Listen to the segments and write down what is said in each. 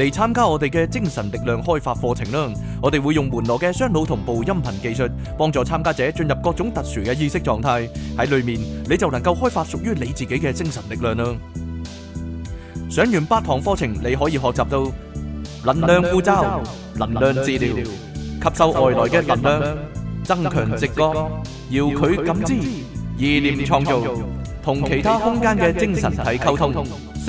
嚟參加我哋嘅精神力量開發課程啦！我哋會用門羅嘅雙腦同步音頻技術，幫助參加者進入各種特殊嘅意識狀態。喺裡面你就能夠開發屬於你自己嘅精神力量啦！上完八堂課程，你可以學習到能量護罩、能量治療、吸收外來嘅能量、增強直覺、遙距感知、意念創造、同其他空間嘅精神體溝通。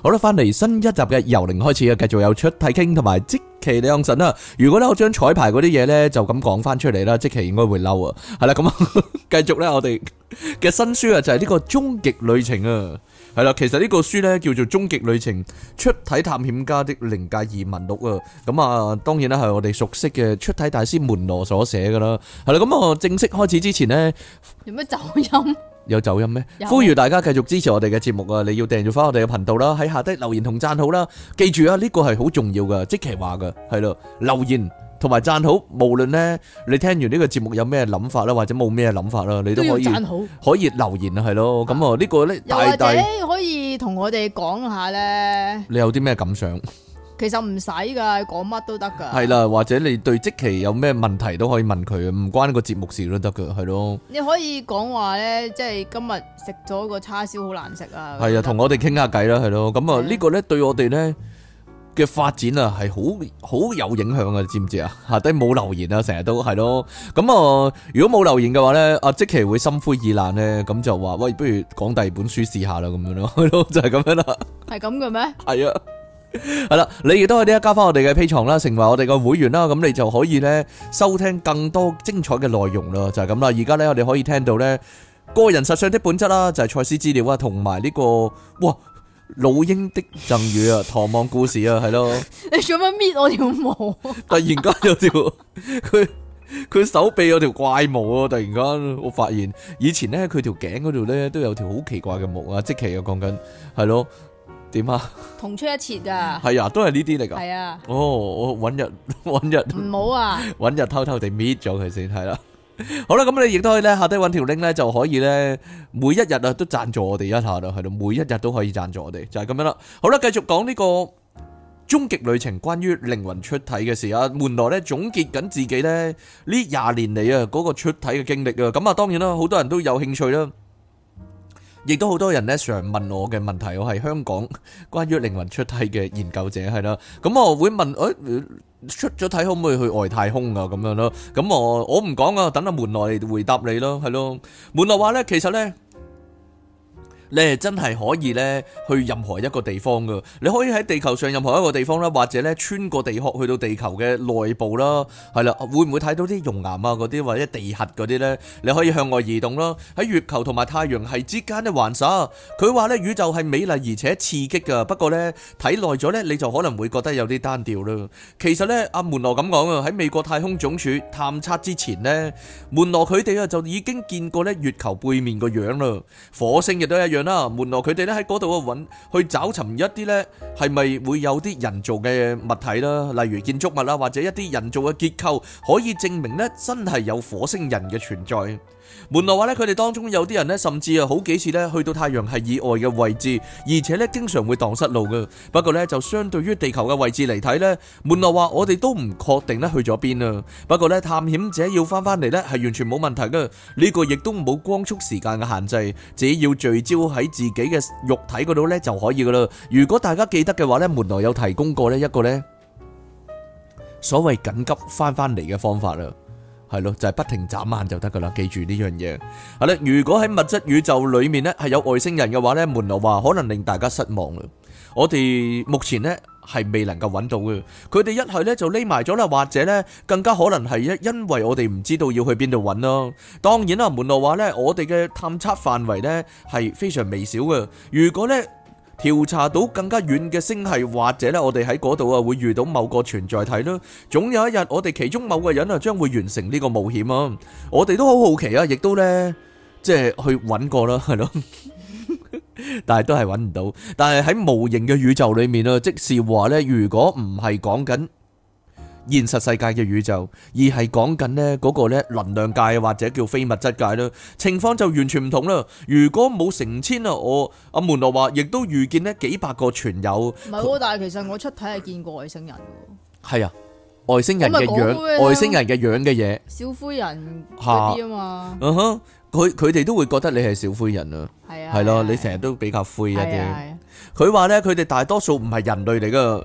好啦，翻嚟新一集嘅由零開始啊，繼續有出體傾同埋即期兩神啊！如果咧我將彩排嗰啲嘢咧就咁講翻出嚟啦，即期應該會嬲啊！係啦，咁啊，繼續咧我哋嘅新書啊，就係呢個終極旅程啊！係啦，其實呢個書咧叫做《終極旅程：出體探險家的靈界移民錄》啊！咁啊，當然啦，係我哋熟悉嘅出體大師門羅所寫噶啦。係啦，咁啊，正式開始之前咧，有咩走音？有走音咩？呼籲大家繼續支持我哋嘅節目啊！你要訂閱翻我哋嘅頻道啦，喺下低留言同讚好啦。記住啊，呢個係好重要嘅，即其話嘅係咯，留言同埋讚好，無論呢你聽完呢個節目有咩諗法啦，或者冇咩諗法啦，你都可以可以留言啊，係咯。咁啊，呢個呢又或者可以同我哋講下呢，你有啲咩感想？其實唔使噶，講乜都得噶。係啦，或者你對即其有咩問題都可以問佢，唔關個節目事都得噶，係咯。你可以講話咧，即係今日食咗個叉燒好難食啊。係啊，同我哋傾下偈啦，係咯。咁啊，呢個咧對我哋咧嘅發展啊，係好好有影響啊，知唔知啊？下低冇留言啊，成日都係咯。咁啊，如果冇留言嘅話咧，阿即其會心灰意冷咧，咁就話喂，不如講第二本書試下啦，咁樣咯，就係咁樣啦。係咁嘅咩？係啊。係啦， 你亦都可以呢，加翻我哋嘅 Patreon 啦，成為我哋嘅會員啦，咁你就可以咧收聽更多精彩嘅內容啦，就係咁啦。而家咧，我哋可以聽到咧，個人實相的本質啦，就係、是、賽斯資料啊，同埋呢個哇老鷹的贈予啊，唐望故事啊，係咯。你做乜搣我條毛？突然間有條佢佢手臂有條怪毛啊！突然間我發現，以前咧佢條頸嗰度咧都有條好奇怪嘅毛啊！即奇啊講緊係咯。點啊？同出一轍噶，係啊，都係呢啲嚟噶。係是啊。哦，我揾日揾日唔好啊，揾日偷偷地搣咗佢先，係啦、啊。 好啦，咁你亦都可以咧，下低揾條 link 咧，就可以咧，每一日啊都贊助我哋一下啦，係咯、啊，每一日都可以贊助我哋，就係、是、咁樣啦。好啦，繼續講呢個終極旅程，關於靈魂出體嘅事啊。門內咧總結緊自己咧呢廿年嚟啊，嗰個出體嘅經歷啊。咁啊，當然啦，好多人都有興趣啦。亦都好多人咧，常問我嘅問題，我係香港關於靈魂出體嘅研究者，係啦，咁、嗯、我會問，誒、哎、出咗體可唔可以去外太空啊？咁樣咯，咁、嗯嗯、我我唔講啊，等阿門來回答你咯，係咯，門來話咧，其實咧。你真係可以咧去任何一個地方噶，你可以喺地球上任何一個地方啦，或者咧穿過地殼去到地球嘅內部啦，係啦，會唔會睇到啲熔岩啊嗰啲或者地核嗰啲呢？你可以向外移動啦，喺月球同埋太陽系之間咧玩耍。佢話呢宇宙係美麗而且刺激噶，不過呢睇耐咗呢，你就可能會覺得有啲單調啦。其實呢，阿門羅咁講啊，喺美國太空總署探測之前呢，門羅佢哋啊就已經見過呢月球背面個樣啦，火星亦都一樣。.啦，瞞落佢哋呢喺嗰度啊，揾去找尋一啲呢，係咪會有啲人造嘅物體啦，例如建築物啦，或者一啲人造嘅結構，可以證明呢真係有火星人嘅存在。門羅話咧，佢哋當中有啲人呢，甚至啊好幾次呢去到太陽系以外嘅位置，而且呢經常會蕩失路噶不過呢，就相對於地球嘅位置嚟睇呢，門羅話我哋都唔確定呢去咗邊啊。不過呢，探險者要翻翻嚟呢係完全冇問題噶呢、這個亦都冇光速時間嘅限制，只要聚焦喺自己嘅肉體嗰度呢就可以噶啦。如果大家記得嘅話呢，門羅有提供過呢一個呢所謂緊急翻翻嚟嘅方法啦。係咯，就係不停眨眼就得噶啦，記住呢樣嘢。係啦，如果喺物質宇宙裏面咧，係有外星人嘅話咧，門羅話可能令大家失望啦。我哋目前咧係未能夠揾到嘅，佢哋一係咧就匿埋咗啦，或者咧更加可能係因因為我哋唔知道要去邊度揾咯。當然啦，門羅話咧，我哋嘅探測範圍咧係非常微小嘅。如果咧。調查到更加遠嘅星系，或者咧，我哋喺嗰度啊會遇到某個存在體咯。總有一日，我哋其中某個人啊將會完成呢個冒險啊！我哋都好好奇啊，亦都咧即係去揾過啦，係咯，但係都係揾唔到。但係喺無形嘅宇宙裡面啊，即係話咧，如果唔係講緊，現實世界嘅宇宙，而係講緊咧嗰個咧能量界或者叫非物質界啦，情況就完全唔同啦。如果冇成千啊，我阿門羅話亦都預見咧幾百個全有。唔係，但係其實我出體係見過外星人。係啊，外星人嘅樣，外星人嘅樣嘅嘢，小灰人嗰啲啊嘛。嗯哼，佢佢哋都會覺得你係小灰人啊。係啊。係咯，你成日都比較灰一啲。佢話咧，佢哋大多數唔係人類嚟噶。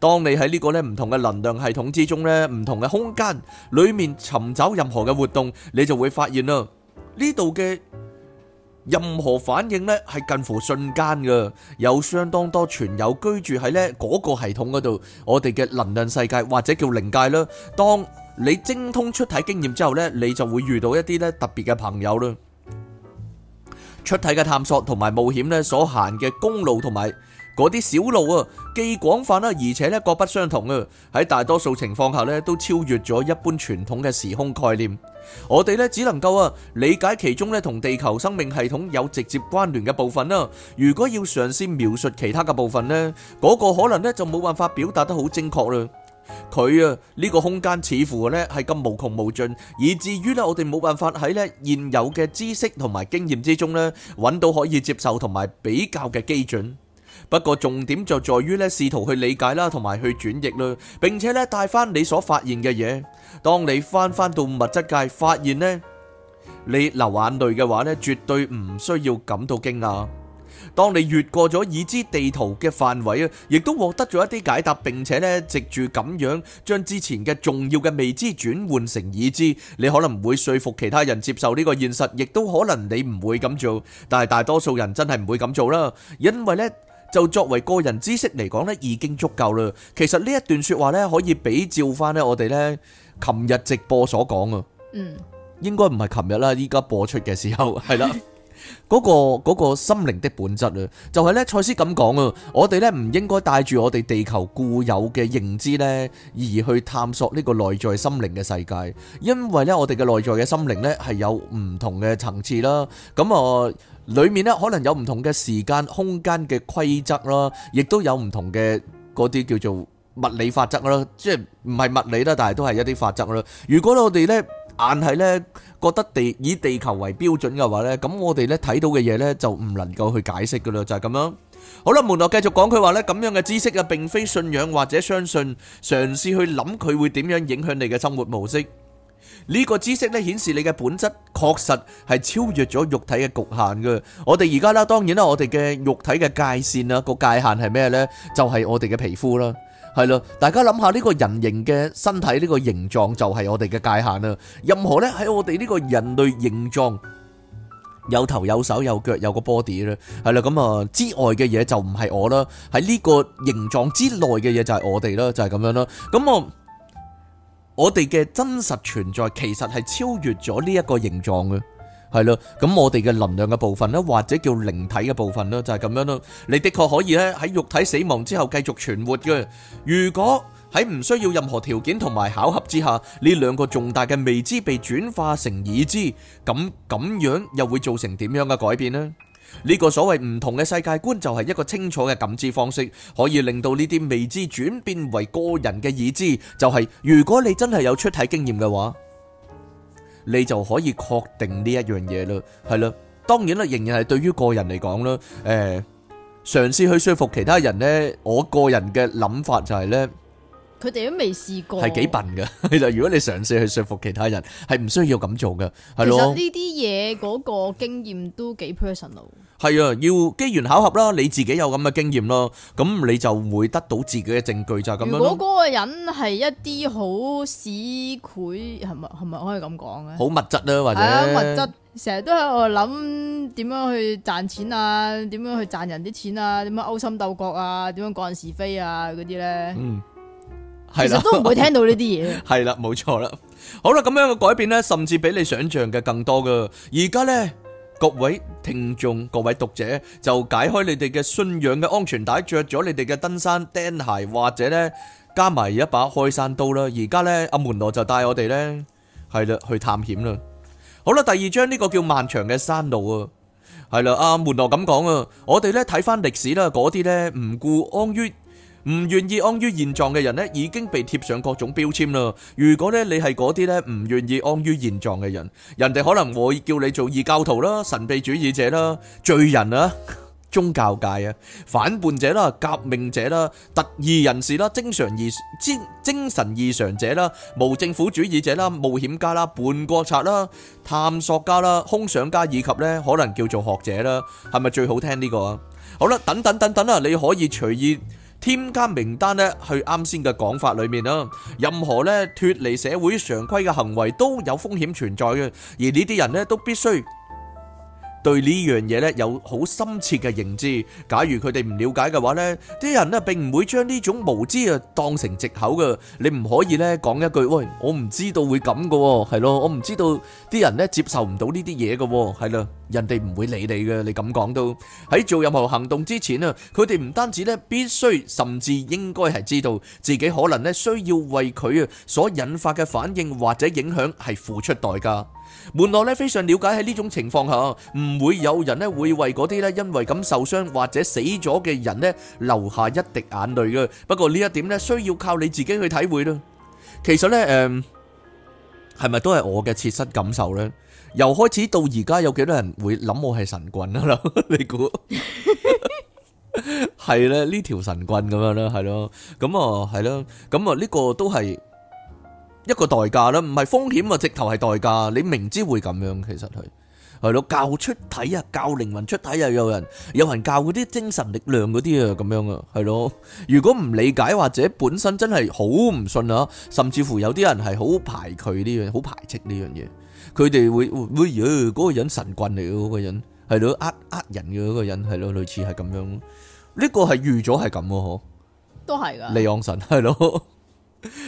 當你喺呢個咧唔同嘅能量系統之中咧，唔同嘅空間裏面尋找任何嘅活動，你就會發現啦，呢度嘅任何反應咧係近乎瞬間㗎，有相當多存有居住喺咧嗰個系統嗰度。我哋嘅能量世界或者叫靈界啦。當你精通出體經驗之後咧，你就會遇到一啲咧特別嘅朋友啦。出體嘅探索同埋冒險咧，所行嘅公路同埋。嗰啲小路啊，既廣泛啦，而且咧各不相同啊。喺大多數情況下咧，都超越咗一般傳統嘅時空概念。我哋咧只能夠啊理解其中咧同地球生命系統有直接關聯嘅部分啦。如果要嘗試描述其他嘅部分咧，嗰個可能咧就冇辦法表達得好精確啦。佢啊，呢個空間似乎咧係咁無窮無盡，以至於咧我哋冇辦法喺咧現有嘅知識同埋經驗之中咧揾到可以接受同埋比較嘅基準。不過重點就在於咧試圖去理解啦，同埋去轉譯啦，並且咧帶返你所發現嘅嘢。當你返返到物質界，發現咧你流眼淚嘅話咧，絕對唔需要感到驚訝。當你越過咗已知地圖嘅範圍，亦都獲得咗一啲解答，並且咧藉住咁樣將之前的重要的未知轉換成已知，你可能唔會說服其他人接受這個現實，亦都可能你唔會咁做，但係大多數人真係唔會咁做啦，因為咧就作為個人知識嚟講呢，已經足夠啦。其實呢一段説話呢，可以比照翻呢我哋呢琴日直播所講啊。嗯，應該唔係琴日啦，依家播出嘅時候係啦。 嗰個嗰個心靈的本質啊，就係咧賽斯咁講啊，我哋咧唔應該帶住我哋地球固有嘅認知咧，而去探索呢個內在心靈嘅世界，因為咧我哋嘅內在嘅心靈咧係有唔同嘅層次啦，咁啊裏面咧可能有唔同嘅時間空間嘅規則啦，亦都有唔同嘅嗰啲叫做物理法則啦，即係唔係物理啦，但係都係一啲法則啦。如果我哋咧。但係呢，覺得地以地球為標準嘅話呢，咁我哋呢睇到嘅嘢，呢就唔能夠去解釋㗎啦，就係咁樣。好啦，門諾繼續講佢話呢，咁樣嘅知識啊，並非信仰或者相信，嘗試去諗佢會點樣影響你嘅生活模式。呢個知識呢顯示你嘅本質確實係超越咗肉體嘅局限嘅。我哋而家啦，當然啦，我哋嘅肉體嘅界線啊，個界限係咩呢？就係我哋嘅皮膚啦。係啦，大家諗下呢個人形嘅身體，呢個形狀就係我哋嘅界限啦。任何咧喺我哋呢個人類形狀，有頭有手有腳有個 body 啦，係啦，咁啊之外嘅嘢就唔係我啦。喺呢個形狀之內嘅嘢就係我哋啦，就係咁樣啦。咁啊我哋嘅真實存在其實係超越咗呢一個形狀嘅。係咯，咁我哋嘅能量嘅部分咧，或者叫靈體嘅部分咧，就係咁樣咯。你的確可以咧喺肉體死亡之後繼續存活嘅。如果喺唔需要任何條件同埋巧合之下，呢兩個重大嘅未知被轉化成已知，咁咁樣又會造成點樣嘅改變呢？呢個所謂唔同嘅世界觀，就係一個清楚嘅感知方式，可以令到呢啲未知轉變為個人嘅已知。就係如果你真係有出體經驗嘅話。你就可以確定呢一樣嘢咯，係咯，當然啦，仍然係對於個人嚟講啦，誒，嘗試去説服其他人呢，我個人嘅諗法就係呢。佢哋都未試過，係幾笨㗎？其實如果你嘗試去説服其他人，係唔需要咁做嘅，係咯？其實呢啲嘢嗰個經驗都幾 personal 咯。係啊，要機緣巧合啦，你自己有咁嘅經驗啦，咁你就會得到自己嘅證據咋，就咁樣。如果嗰個人係一啲好市儈，係咪係咪可以咁講咧？好物質啊，或者係物質成日都喺度諗點樣去賺錢啊，點樣去賺人啲錢啊，點樣勾心鬥角啊，點樣講人是非啊嗰啲咧。嗯。其實都唔會聽到呢啲嘢。係啦，冇錯啦。好啦，咁樣嘅改變呢，甚至比你想象嘅更多噶。而家呢，各位聽眾、各位讀者就解開你哋嘅信仰嘅安全帶，著咗你哋嘅登山釘鞋，或者呢加埋一把開山刀啦。而家呢，阿門羅就帶我哋呢，係啦去探險啦。好啦，第二章呢個叫漫長嘅山路啊。係啦，阿門羅咁講啊，我哋呢睇返歷史啦，嗰啲呢唔顧安於唔願意安於現狀嘅人呢，已經被貼上各種標籤啦。如果呢，你係嗰啲呢，唔願意安於現狀嘅人。人哋可能會叫你做異教徒啦，神秘主義者啦，罪人啦，宗教界呀。反叛者啦，革命者啦，特異人士啦，精神異常者啦，無政府主義者啦，冒險家啦，叛國策啦，探索家啦，空想家以及呢，可能叫做學者啦。係咪最好聽呢個？好啦，等等等等，你可以隨意， 添加名單咧，去啱先嘅講法裏面咯。任何咧脫離社會常規嘅行為都有風險存在嘅，而呢啲人咧都必須。對呢樣嘢咧有好深切嘅認知。假如佢哋唔了解嘅話咧，啲人咧並唔會將呢種無知啊當成藉口嘅。你唔可以咧講一句喂，我唔知道會咁嘅，係咯？我唔知道啲人咧接受唔到呢啲嘢嘅，係啦，人哋唔會理你嘅。你咁講都喺做任何行動之前啊，佢哋唔單止咧必須，甚至應該係知道自己可能咧需要為佢啊所引發嘅反應或者影響係付出代價。門內非常了解喺呢種情況下，唔會有人會為嗰啲因為噉受傷或者死咗嘅人留下一滴眼淚，不過呢一點需要靠你自己去體會啦。其實呢,係咪都係我嘅切身感受呢？由開始到而家，有幾多人會諗我係神棍呀？ 你猜? 係呢條神棍噉樣啦，係囉。噉啊，係囉。噉啊，呢個都係。一個代價啦，唔係風險啊，直頭係代價。你明知會咁樣，其實係係咯，教出體啊，教靈魂出體啊有人，有人教嗰啲精神力量嗰啲啊，咁樣啊，係咯。如果唔理解或者本身真係好唔信啊，甚至乎有啲人係好排拒呢樣，好排斥呢樣嘢，佢哋會會咦嗰個人神棍嚟嘅嗰個人，係咯呃呃人嘅嗰個人，係咯，類似係咁樣。呢個係預咗係咁，嗬，都係噶。利昂神係咯。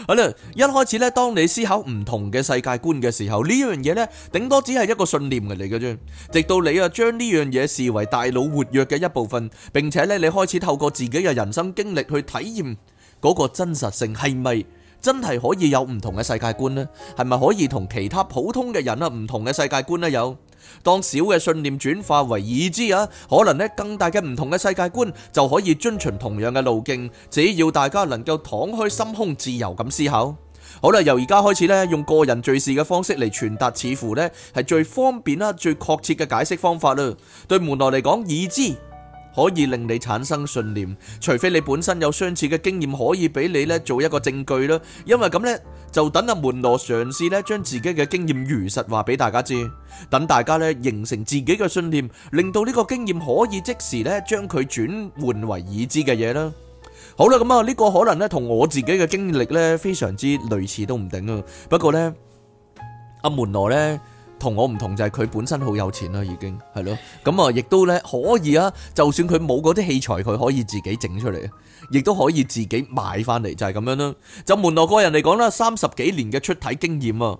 好啦，一開始咧，當你思考唔同嘅世界觀嘅時候，呢樣嘢呢，頂多只係一個信念嘅嚟嘅啫。直到你啊，將呢樣嘢視為大腦活躍嘅一部分，並且呢，你開始透過自己嘅人生經歷去體驗嗰個真實性，係咪真係可以有唔同嘅世界觀呢？係咪可以同其他普通嘅人啊，唔同嘅世界觀呢？有？當小嘅信念轉化為已知啊，可能咧更大嘅唔同嘅世界觀就可以遵循同樣嘅路徑，只要大家能夠敞開心胸，自由咁思考。好啦，由而家開始咧，用個人敘事嘅方式嚟傳達，似乎咧係最方便啦，最確切嘅解釋方法啦。對門內嚟講，已知。可以令你產生信念，除非你本身有相似嘅經驗可以俾你咧做一個證據啦。因為咁呢，就等阿門羅嘗試咧將自己嘅經驗如實話俾大家知，等大家咧形成自己嘅信念，令到呢個經驗可以即時咧將佢轉換為已知嘅嘢啦。好啦，咁啊呢個可能咧同我自己嘅經歷咧非常之類似都唔定啊。不過呢，阿門羅呢。我同我唔同就係、是、佢本身好有錢啦，已經係咯。咁、嗯、啊，亦都咧可以啊。就算佢冇嗰啲器材，佢可以自己整出嚟，亦都可以自己買翻嚟，就係、是、咁樣啦。就門羅個人嚟講啦，三十幾年嘅出體經驗啊，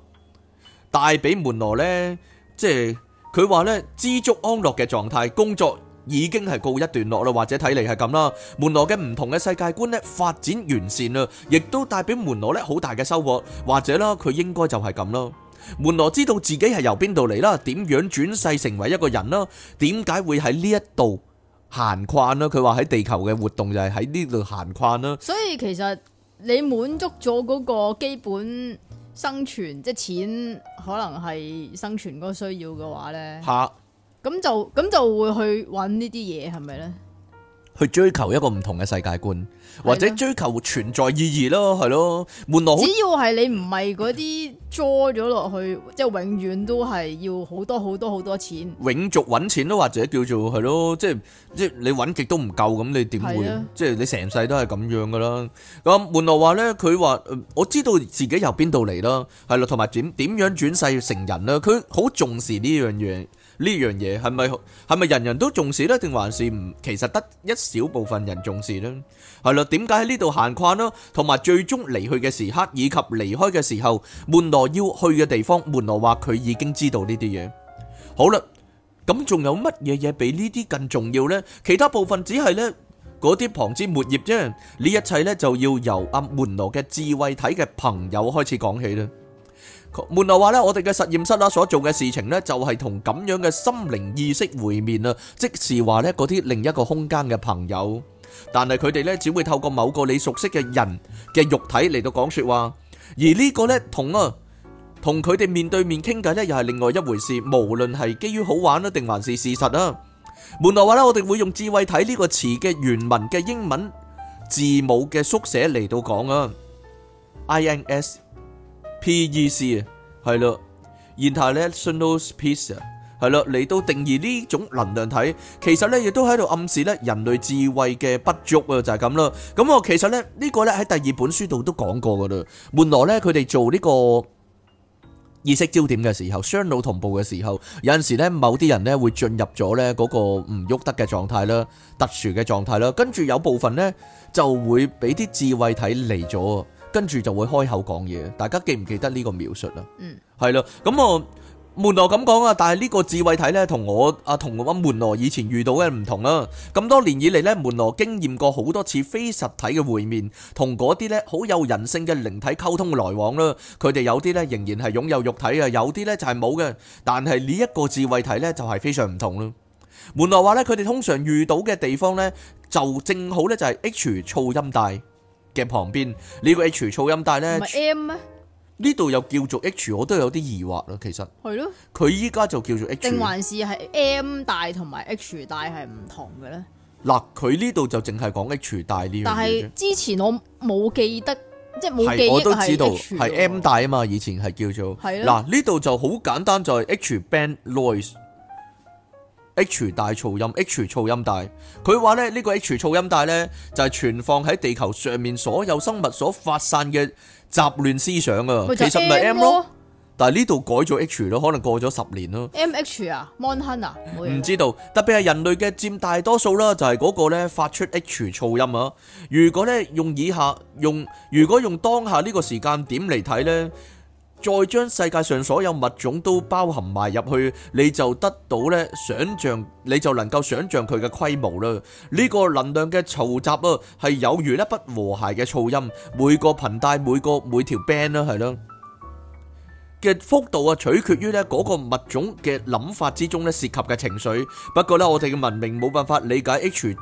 帶俾門羅呢，即係佢話呢，知足安樂嘅狀態，工作已經係告一段落啦，或者睇嚟係咁啦。門羅嘅唔同嘅世界觀呢，發展完善啦，亦都帶俾門羅呢，好大嘅收穫，或者啦佢應該就係咁啦。門羅知道自己係由邊度嚟啦，點樣轉世成為一個人啦，點解會喺呢一度閒逛啦？佢話喺地球嘅活動就係喺呢度閒逛啦。所以其實你滿足咗嗰個基本生存，即係錢可能係生存嗰個需要嘅話呢，吓咁就咁就會去揾呢啲嘢係咪呢？去追求一個唔同嘅世界觀，的或者追求存在意義咯，係咯。門羅只要係你唔係嗰啲捉咗落去， 即係永遠都係要好多好多好多錢。永續搵錢咯，或者叫做係咯，即係即係你搵極都唔夠咁，你點會？的即係你成世都係咁樣噶啦。咁門羅話咧，佢話我知道自己由邊度嚟啦，係啦，同埋點點樣轉世成人啦，佢好重視呢樣嘢。呢樣嘢係咪係咪人人都重視呢？定還是唔其實得一小部分人重視呢？係啦，點解喺呢度閒逛咯？同埋最終離去嘅時刻，以及離開嘅時候，門羅要去嘅地方，門羅話佢已經知道呢啲嘢。好啦，咁仲有乜嘢嘢比呢啲更重要呢？其他部分只係呢嗰啲旁枝末葉啫。呢一切呢，就要由阿門羅嘅智慧體嘅朋友開始講起啦。門內話咧，我哋嘅實驗室啊，所做嘅事情咧，就係同咁樣嘅心靈意識會面啊，即是話咧嗰啲另一個空間嘅朋友，但係佢哋咧只會透過某個你熟悉嘅人嘅肉體嚟到講說話，而呢個咧同啊同佢哋面對面傾偈咧又係另外一回事，無論係基於好玩啊定還是事實啊。門內話咧，我哋會用智慧體呢個詞嘅原文嘅英文字母嘅縮寫嚟到講啊，INS。P 意思啊，係啦，然後咧，signal piece 啊，係啦，嚟到定義呢種能量體，其實咧亦都喺度暗示咧人類智慧嘅不足啊，就係咁啦。咁我其實咧呢個咧喺第二本書度都講過噶啦，門羅咧佢哋做呢個意識焦點嘅時候，雙腦同步嘅時候，有陣時咧某啲人咧會進入咗咧嗰個唔喐得嘅狀態啦，特殊嘅狀態啦，跟住有部分咧就會俾啲智慧體嚟咗。跟住就會開口講嘢，大家記唔記得呢個描述啊？嗯，係咯，咁啊，門羅咁講啊，但係呢個智慧體咧，同我啊，同阿門羅以前遇到嘅唔同啦。咁多年以嚟咧，門羅經驗過好多次非實體嘅會面，同嗰啲咧好有人性嘅靈體溝通嘅來往啦。佢哋有啲咧仍然係擁有肉體啊，有啲咧就係冇嘅。但係呢一個智慧體咧就係非常唔同啦。門羅話咧，佢哋通常遇到嘅地方咧，就正好咧就係 H 噪音帶。嘅旁邊，呢個 H 噪音帶咧，咪 M？呢度又叫做 H，我都有啲疑惑啦。其實係咯，佢依家就叫做 H，定還是係 M 帶同埋 H 帶係唔同嘅咧？嗱，佢呢度就淨係講 H 帶呢樣嘢。但係之前我冇記得，即係冇記憶 H，我都知道係的 M 帶啊嘛。以前係叫做係咯。嗱的，呢度就好簡單就，就係 H band noise。H 大噪音，H 噪音大。佢話咧呢個 H 噪音大呢，就係存放喺地球上面所有生物所發散嘅雜亂思想啊。其實咪 M 咯，但係呢度改咗 H 咯，可能過咗十年咯。M H 啊，Mon Hun 啊，唔知道。特別係人類嘅占大多數啦，就係嗰個呢發出 H 噪音啊。如果呢，用以下用，如果用當下呢個時間點嚟睇呢，再將世界上所有物種都包含埋入去，你就得到咧想象，你就能夠想象佢嘅規模啦。呢個能量嘅嘈雜啊，係有如咧不和諧嘅噪音，每個頻帶、每個每條 band 啦，係咯嘅幅度啊，取決於咧嗰個物種嘅諗法之中咧涉及嘅情緒。不過咧，我哋嘅文明冇辦法理解 H。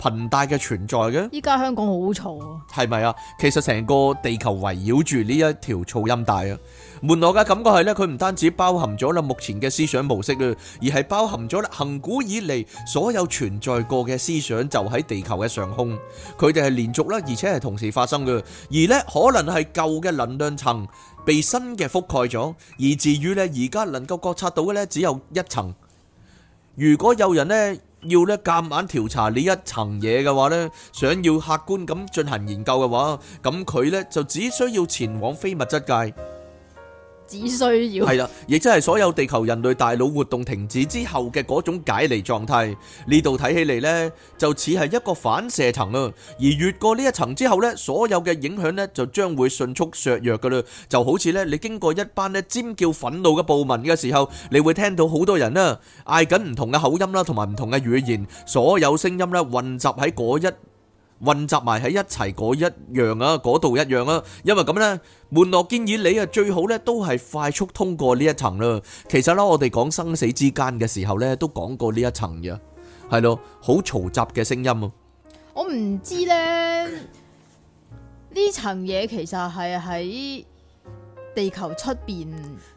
頻帶嘅存在嘅，依家香港好嘈啊，係咪啊？其實成個地球圍繞住呢一條噪音帶啊，門羅嘅感覺係咧，佢唔單止包含咗啦目前嘅思想模式啊，而係包含咗啦，恒古以嚟所有存在過嘅思想就喺地球嘅上空，佢哋係連續啦，而且係同時發生嘅，而咧可能係舊嘅能量層被新嘅覆蓋咗，以至於咧而家能夠覺察到嘅咧只有一層，如果有人咧。要咧夾硬調查呢一層嘢嘅話咧，想要客觀咁進行研究嘅話，咁佢咧就只需要前往非物質界。只需要係啦，亦即係所有地球人類大腦活動停止之後嘅嗰種解離狀態。呢度睇起嚟呢，就似係一個反射層啊。而越過呢一層之後呢，所有嘅影響呢就將會迅速削弱噶啦。就好似呢，你經過一班呢尖叫憤怒嘅暴民嘅時候，你會聽到好多人啦嗌緊唔同嘅口音啦，同埋唔同嘅語言，所有聲音呢混雜喺嗰一。混雜埋喺一齊嗰一樣啊，嗰度一樣啊，因為咁咧，門羅建議你啊，最好咧都係快速通過呢一層啦。其實啦，我哋講生死之間嘅時候咧，都講過呢一層嘅，係咯，好嘈雜嘅聲音啊。我唔知咧呢層嘢，其實係喺地球出邊，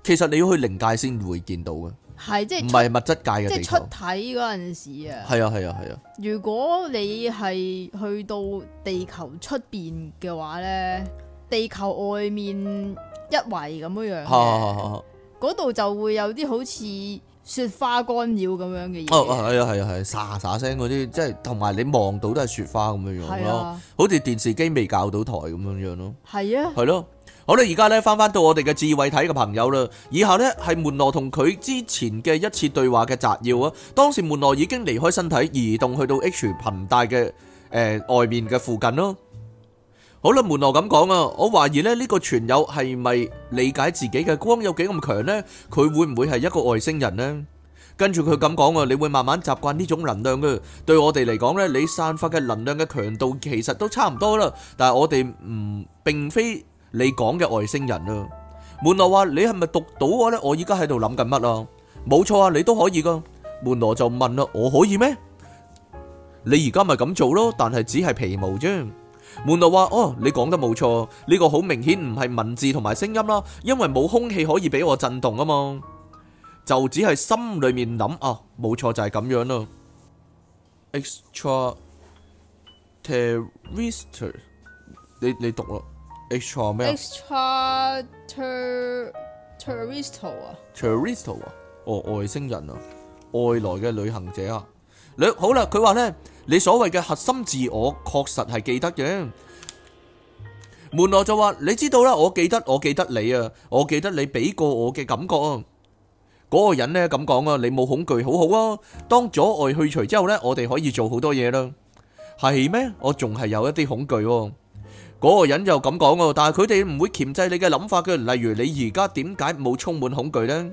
其實你要去靈界先會見到嘅。係即係唔係物質界嘅，即係出體嗰陣時啊！係啊係啊係啊！如果你係去到地球出面嘅話咧，地球外面一圍咁樣嘅，嗰度就會有啲好似雪花干擾咁樣嘅嘢。哦哦係啊係啊係，沙沙聲嗰啲，即係同埋你望到都係雪花咁樣樣咯，好似電視機未校到台咁樣樣咯。係啊，係咯。好啦，而家咧翻翻到我哋嘅智慧體嘅朋友啦，以下呢，係門羅同佢之前嘅一次對話嘅摘要啊。當時門羅已經離開身體，移動去到 H 頻帶嘅誒外面嘅附近咯。好啦，門羅咁講啊，我懷疑咧呢個傳友係咪理解自己嘅光有幾咁強呢？佢會唔會係一個外星人呢？跟住佢咁講啊，你會慢慢習慣呢種能量嘅。對我哋嚟講呢，你散發嘅能量嘅強度其實都差唔多啦。但係我哋唔並非。你講嘅外星人啦，門羅話，你係咪讀到我咧？我依家喺度諗緊乜啊？冇錯啊，你都可以噶。門羅就問啦：我可以咩？你而家咪咁做咯，但係只係皮毛啫。門羅話：哦，你講得冇錯，呢個好明顯唔係文字同埋聲音啦，因為冇空氣可以俾我震動啊嘛，就只係心裏面諗啊，冇錯，就係咁樣啦。Extraterrestrial，你你讀咯。extra 咩啊？extra terrestrial 啊？terrestrial 啊？哦，外星人啊，外來嘅旅行者啊，你好啦。佢話咧，你所謂嘅核心自我確實係記得嘅。門羅就話，你知道啦，我記得，我記得你啊，我記得你俾過我嘅感覺啊。嗰個人咧咁講啊，你冇恐懼，好好啊。當阻礙去除之後咧，我哋可以做好多嘢啦。係咩？我仲係有一啲恐懼。嗰個人又咁講咯，但係佢哋唔會鉗制你嘅諗法嘅。例如你而家點解冇充滿恐懼咧？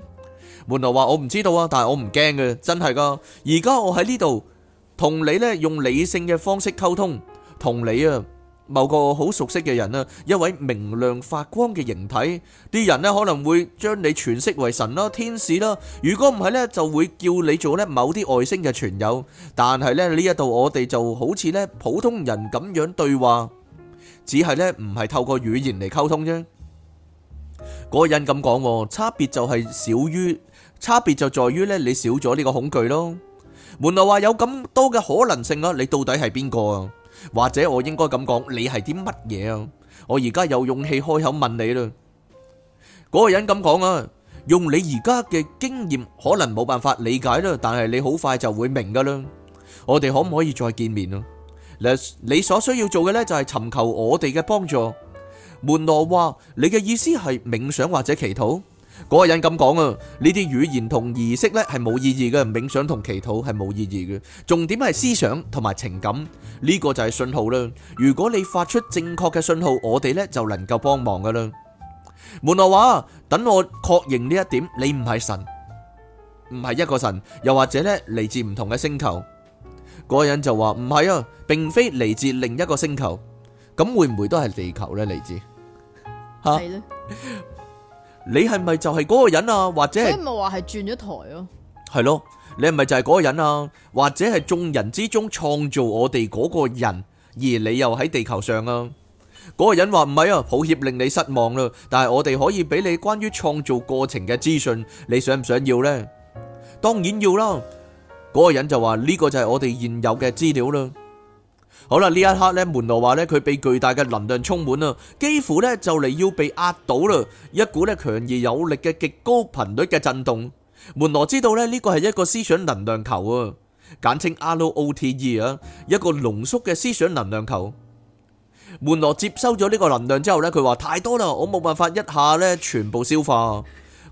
門徒話：我唔知道啊，但係我唔驚嘅，真係噶。而家我喺呢度同你咧用理性嘅方式溝通，同你啊某個好熟悉嘅人啊，一位明亮發光嘅形體，啲人咧可能會將你詮釋為神啦、天使啦。如果唔係咧，就會叫你做咧某啲外星嘅傳友。但係咧呢一度我哋就好似咧普通人咁樣對話。只係咧唔係透過語言嚟溝通啫。嗰、那個人咁講，差別就係少於，差別就在於咧你少咗呢個恐懼咯。門內話，有咁多嘅可能性啊，你到底係邊個啊？或者我應該咁講，你係啲乜嘢啊？我而家有勇氣開口問你啦。嗰、那個人咁講啊，用你而家嘅經驗可能冇辦法理解啦，但係你好快就會明噶啦。我哋可唔可以再見面啊？你所需要做嘅呢，就係尋求我哋嘅幫助。門羅話：你嘅意思係冥想或者祈禱？嗰、那個人咁講啊，呢啲語言同儀式呢係冇意義嘅，冥想同祈禱係冇意義嘅。重點係思想同埋情感，呢、這個就係信號啦。如果你發出正確嘅信號，我哋呢就能夠幫忙噶啦。門羅話：等我確認呢一點，你唔係神，唔係一個神，又或者呢嚟自唔同嘅星球。嗰個人就話唔係啊，並非嚟自另一個星球，咁會唔會都係地球呢？嚟自吓，係，你係咪就係嗰個人啊？或者唔係話係轉咗台咯？係咯，你係咪就係嗰個人啊？或者係眾人之中創造我哋嗰個人，而你又喺地球上啊？嗰個人話唔係啊，抱歉令你失望啦，但係我哋可以俾你關於創造過程嘅資訊，你想唔想要呢？當然要啦。嗰個人就話，呢個就係我哋現有嘅資料啦。好啦，呢一刻咧，門羅話咧，佢被巨大嘅能量充滿啦，幾乎呢就嚟要被壓倒啦。一股咧強而有力嘅極高頻率嘅震動。門羅知道呢，呢個係一個思想能量球啊，簡稱 ROTE 啊，一個濃縮嘅思想能量球。門羅接收咗呢個能量之後呢，佢話，太多啦，我冇辦法一下呢全部消化。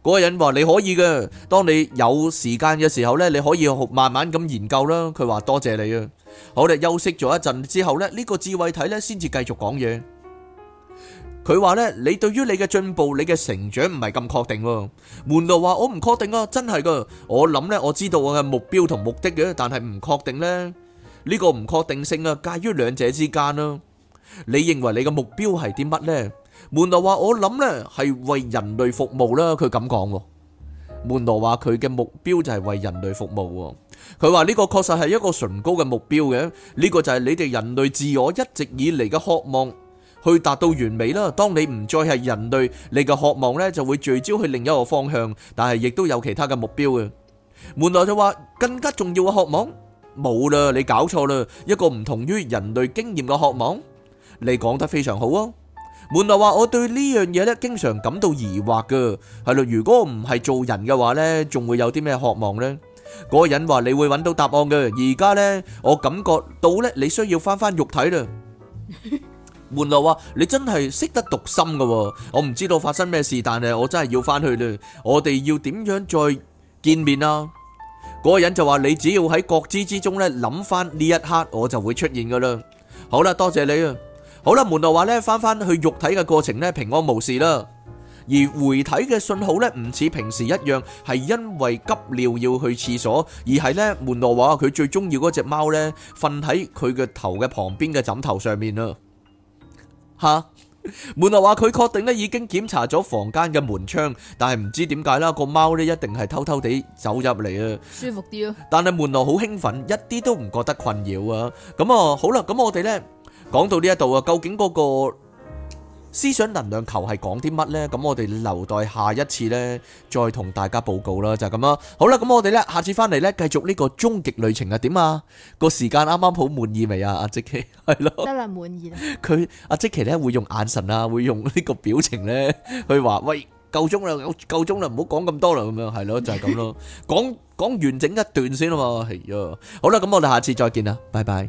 嗰個人話你可以嘅，當你有時間嘅時候咧，你可以慢慢咁研究啦。佢話多謝你啊。好啦，休息咗一陣之後咧，呢個智慧體咧先至繼續講嘢。佢話咧，你對於你嘅進步、你嘅成長唔係咁確定。門路話我唔確定啊，真係噶。我諗咧，我知道我嘅目標同目的嘅，但係唔確定咧。呢個唔確定性啊，介於兩者之間咯。你認為你嘅目標係啲乜咧？門羅話：我諗呢係為人類服務啦，佢咁講。門羅話佢嘅目標就係為人類服務。佢話呢個確實係一個崇高嘅目標嘅，呢個就係你哋人類自我一直以嚟嘅渴望去達到完美啦。當你唔再係人類，你嘅渴望呢就會聚焦去另一個方向，但係亦都有其他嘅目標嘅。門羅就話更加重要嘅渴望冇啦，你搞錯啦，一個唔同於人類經驗嘅渴望。你講得非常好啊！門羅話：我對呢樣嘢咧，經常感到疑惑噶，係咯。如果唔係做人嘅話呢，仲會有啲咩渴望呢？嗰個人話：你會揾到答案嘅。而家呢，我感覺到咧，你需要翻翻肉體啦。 門羅話：你真係識得讀心噶，我唔知道發生咩事，但係我真係要翻去啦。我哋要點樣再見面啊？嗰個人就話：你只要喺覺知之中呢，諗翻呢一刻，我就會出現噶啦。好啦，多謝你啊！好啦，門羅話咧翻翻去肉體嘅過程咧平安無事啦，而回體嘅信號咧唔似平時一樣係因為急尿要去廁所，而係咧門羅話佢最中意嗰隻貓咧瞓喺佢嘅頭嘅旁邊嘅枕頭上面啦。吓，門羅話佢確定咧已經檢查咗房間嘅門窗，但係唔知點解啦個貓咧一定係偷偷地走入嚟啊。舒服啲咯。但係門羅好興奮，一啲都唔覺得困擾啊。咁啊，好啦，咁我哋咧。講到呢一度啊，究竟嗰個思想能量球係講啲乜咧？咁我哋留待下一次咧，再同大家報告啦，就係咁啦。好啦，咁我哋咧，下次翻嚟咧，繼續呢個終極旅程啊？點啊？個時間啱啱好滿意未啊？阿即其係咯，得啦，滿意啦。佢阿即其咧會用眼神啊，會用呢個表情咧去話，喂，夠鐘啦，夠夠鐘啦，唔好講咁多啦，咁樣係咯，就係咁咯。講講完整一段先啊嘛。係啊，好啦，咁我哋下次再見啦，拜拜。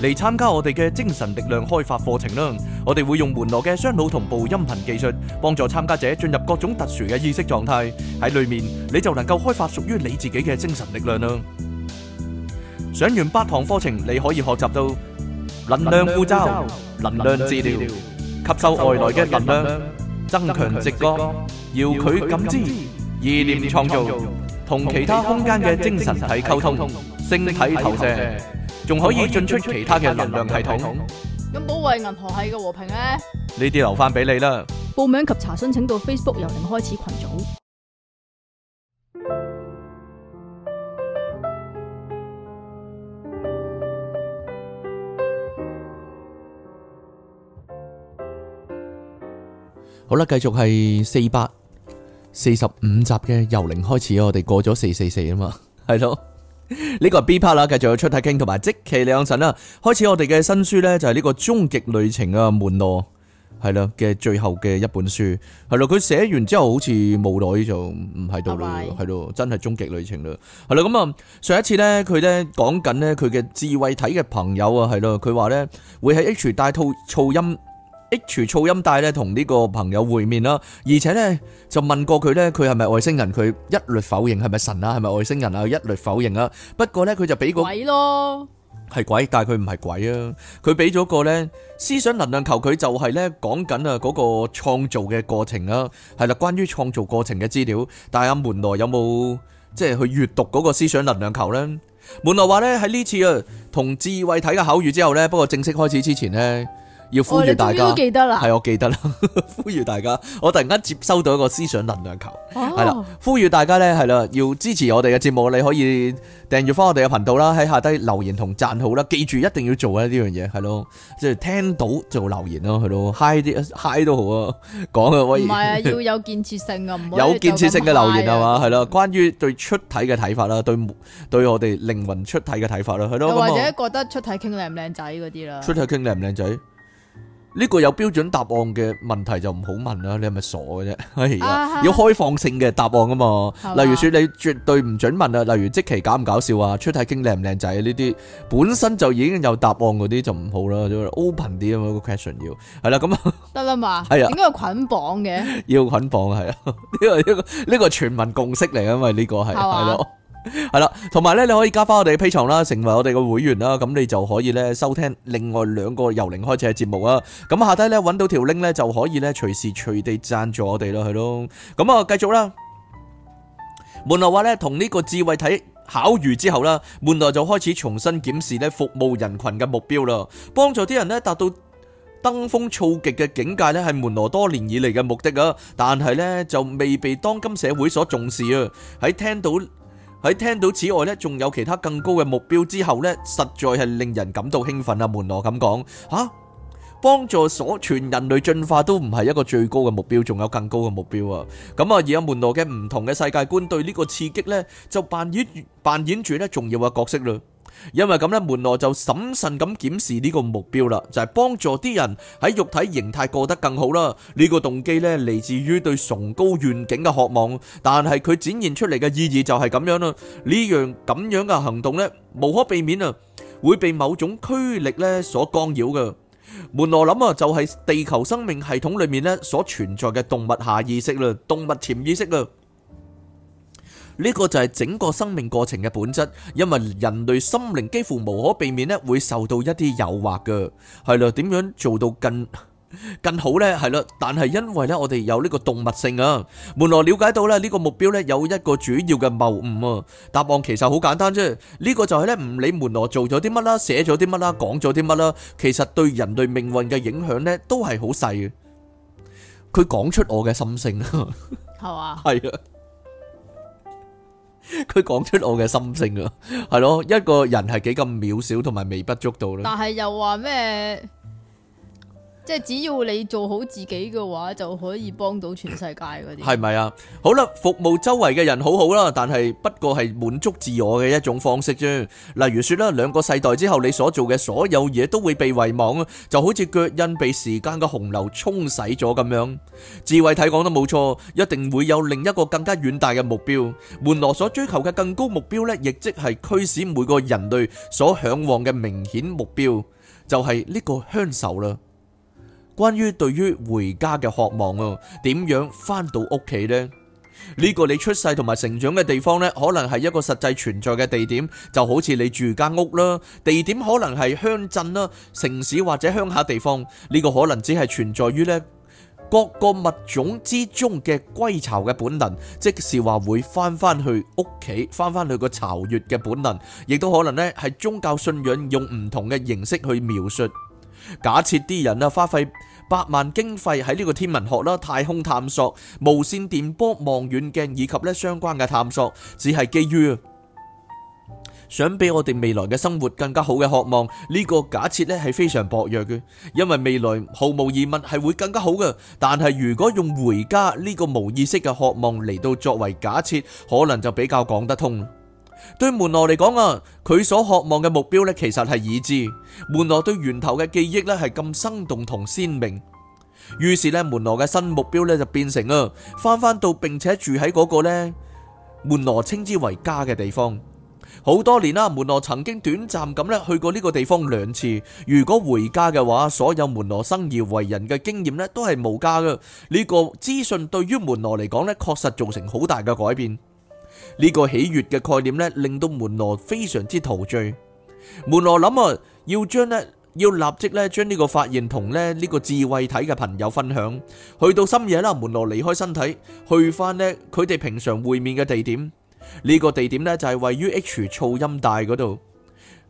嚟參加我哋嘅精神力量開發課程啦！我哋會用門羅嘅雙腦同步音頻技術，幫助參加者進入各種特殊嘅意識狀態。喺裏面你就能夠開發屬於你自己嘅精神力量啦！上完八堂課程，你可以學習到能量呼召、能量治療、吸收外來嘅能量、增強直覺、遙距感知、意念創造、同其他空間嘅精神體溝通、星體投射。仲可以進出其他嘅能量系統。咁保衛銀河系嘅和平咧？呢啲留翻俾你啦。報名及查詢請到 Facebook 由零開始群組。好啦，繼續係四百四十五集嘅由零開始，我哋過咗四四四啊嘛，係咯。呢個係 B part 啦，繼續出體傾，同埋即其兩神啦，開始我哋嘅新書咧，就係呢個終極旅程啊，門羅系啦嘅最後嘅一本書，係咯，佢寫完之後好似冇耐就唔喺度咯，係咯拜，真係終極旅程啦，係啦，咁啊上一次咧，佢咧講緊咧佢嘅智慧體嘅朋友啊，係咯，佢話咧會喺 H 帶套噪音。H 噪音帶咧同呢個朋友會面啦，而且呢，就問過佢呢，佢係咪外星人？佢一律否認，係咪神啊？係咪外星人啊？一律否認啦、啊。不過呢，佢就俾個鬼咯，係鬼，但係佢唔係鬼啊。佢俾咗個呢思想能量球，佢就係呢講緊啊嗰個創造嘅過程啦。係啦，關於創造過程嘅資料，大家門羅有冇即係去閱讀嗰個思想能量球呢？門羅話呢，喺呢次啊同智慧體嘅口語之後呢，不過正式開始之前呢。要呼籲大家，係、哦、我記得啦。 呼籲大家，我突然間接收到一個思想能量球，係啦、哦，呼籲大家咧，係啦，要支持我哋嘅節目，你可以訂閱翻我哋嘅頻道啦，喺下低留言同讚好啦。記住一定要做咧呢樣嘢，係咯，即、就、係、是、聽到就留言咯，係咯，high 啲，high 都好啊，講嘅可以。唔係啊，要有建設性啊，可有建設性嘅留言啊嘛，係咯，關於對出體嘅睇法啦，對對我哋靈魂出體嘅睇法啦，係咯，或者覺得出體傾靚唔靚仔嗰啲啦，出體傾靚唔靚仔。呢個有標準答案嘅問題就唔好問啦，你係咪傻嘅啫？係啊，要開放性嘅答案啊嘛、uh huh. 例說。例如説，你絕對唔準問啊。例如，即期搞唔搞笑啊？出太卿靚唔靚仔呢啲本身就已經有答案嗰啲就唔好啦。Open 啲啊嘛，個 question 要係啦，咁啊得啦嘛。係啊，點解要捆綁嘅？ 要捆綁係啊，呢、 呢個一、呢個呢、呢個、呢個、全民共識嚟、uh huh. 呢個、啊，因為呢個係係咯。係啦，同埋咧，你可以加翻我哋 Patreon 啦，成為我哋嘅會員啦，咁你就可以咧收聽另外兩個由零開始嘅節目啊。咁下低咧搵到條 link 咧就可以咧隨時隨地贊助我哋啦，係咯。咁啊，我繼續啦。門羅話咧，同呢個智慧體巧遇之後啦，門羅就開始重新檢視咧服務人群嘅目標啦，幫助啲人咧達到登峰造極嘅境界咧，係門羅多年以嚟嘅目的啊。但係咧就未被當今社會所重視啊。喺聽到。喺聽到此外呢，仲有其他更高嘅目標之後呢，實在係令人感到興奮啊！門羅咁講吓，幫助所全人類進化都唔係一個最高嘅目標，仲有更高嘅目標啊！咁啊，而家、啊、門羅嘅唔同嘅世界觀對呢個刺激呢，就扮演扮演住呢重要嘅角色嘞。因為咁咧，門羅就審慎咁檢視呢個目標啦，就係幫助啲人喺肉體形態過得更好啦。呢個動機呢，嚟自於對崇高願景嘅渴望，但係佢展現出嚟嘅意義就係咁樣啦。呢樣咁樣嘅行動呢，無可避免啊，會被某種驅力呢所干擾嘅。門羅諗啊，就係地球生命系統裏面呢所存在嘅動物下意識啦，動物潛意識啊。呢個就係整個生命過程嘅本質，因為人類心靈幾乎無可避免咧會受到一啲誘惑嘅，係咯？點樣做到更更好咧？係咯？但係因為咧，我哋有呢個動物性啊。門羅了解到咧，呢個目標咧有一個主要嘅謬誤啊。答案其實好簡單啫，呢個就係咧唔理門羅做咗啲乜啦，寫咗啲乜啦，講咗啲乜啦，其實對人類命運嘅影響咧都係好細。佢講出我嘅心聲啊，係嘛？係啊。佢講 出我嘅心聲啊，係咯，一個人係幾咁渺小同埋微不足道咧。但係又話咩？即係只要你做好自己嘅話，就可以幫到全世界嗰啲。係咪啊？好啦，服務周圍嘅人好好啦，但係不過係滿足自我嘅一種方式啫。例如說啦，兩個世代之後，你所做嘅所有嘢都會被遺忘啊，就好似腳印被時間嘅洪流沖洗咗咁樣。智慧體講得冇錯，一定會有另一個更加遠大嘅目標。門羅所追求嘅更高目標呢，亦即係驅使每個人類所向往嘅明顯目標，就係呢個鄉愁啦。關於對於回家嘅渴望啊，點樣翻到屋企呢？呢個你出世同埋成長嘅地方呢，可能係一個實際存在嘅地點，就好似你住間屋啦。地點可能係鄉鎮啦、城市或者鄉下地方。呢個可能只係存在於呢各個物種之中嘅歸巢嘅本能，即是話會翻翻去屋企，翻翻去個巢穴嘅本能，亦都可能呢係宗教信仰用唔同嘅形式去描述。假設啲人啊，花費百萬經費喺呢個天文學啦、太空探索、無線電波望遠鏡以及咧相關嘅探索，只係基於想俾我哋未來嘅生活更加好嘅渴望。呢個假設呢係非常薄弱嘅，因為未來毫無疑問係會更加好嘅。但係如果用回家呢個無意識嘅渴望嚟到作為假設，可能就比較講得通。對門羅嚟講啊，佢所渴望嘅目標呢，其實係已知。門羅對源頭嘅記憶呢，係咁生動同鮮明，於是呢，門羅嘅新目標呢，就變成啊，翻翻到並且住喺嗰個呢門羅稱之為家嘅地方。好多年啦，門羅曾經短暫咁呢去過呢個地方兩次。如果回家嘅話，所有門羅生而為人嘅經驗呢，都係無家嘅。呢個資訊對於門羅嚟講呢，確實造成好大嘅改變。呢個喜悅嘅概念咧，令到門羅非常之陶醉。門羅諗啊，要將咧，要立即咧，將呢個發現同咧呢個智慧體嘅朋友分享。去到深夜啦，門羅離開身體，去返咧佢哋平常會面嘅地點。呢個地點咧就係位於 H 噪音帶嗰度。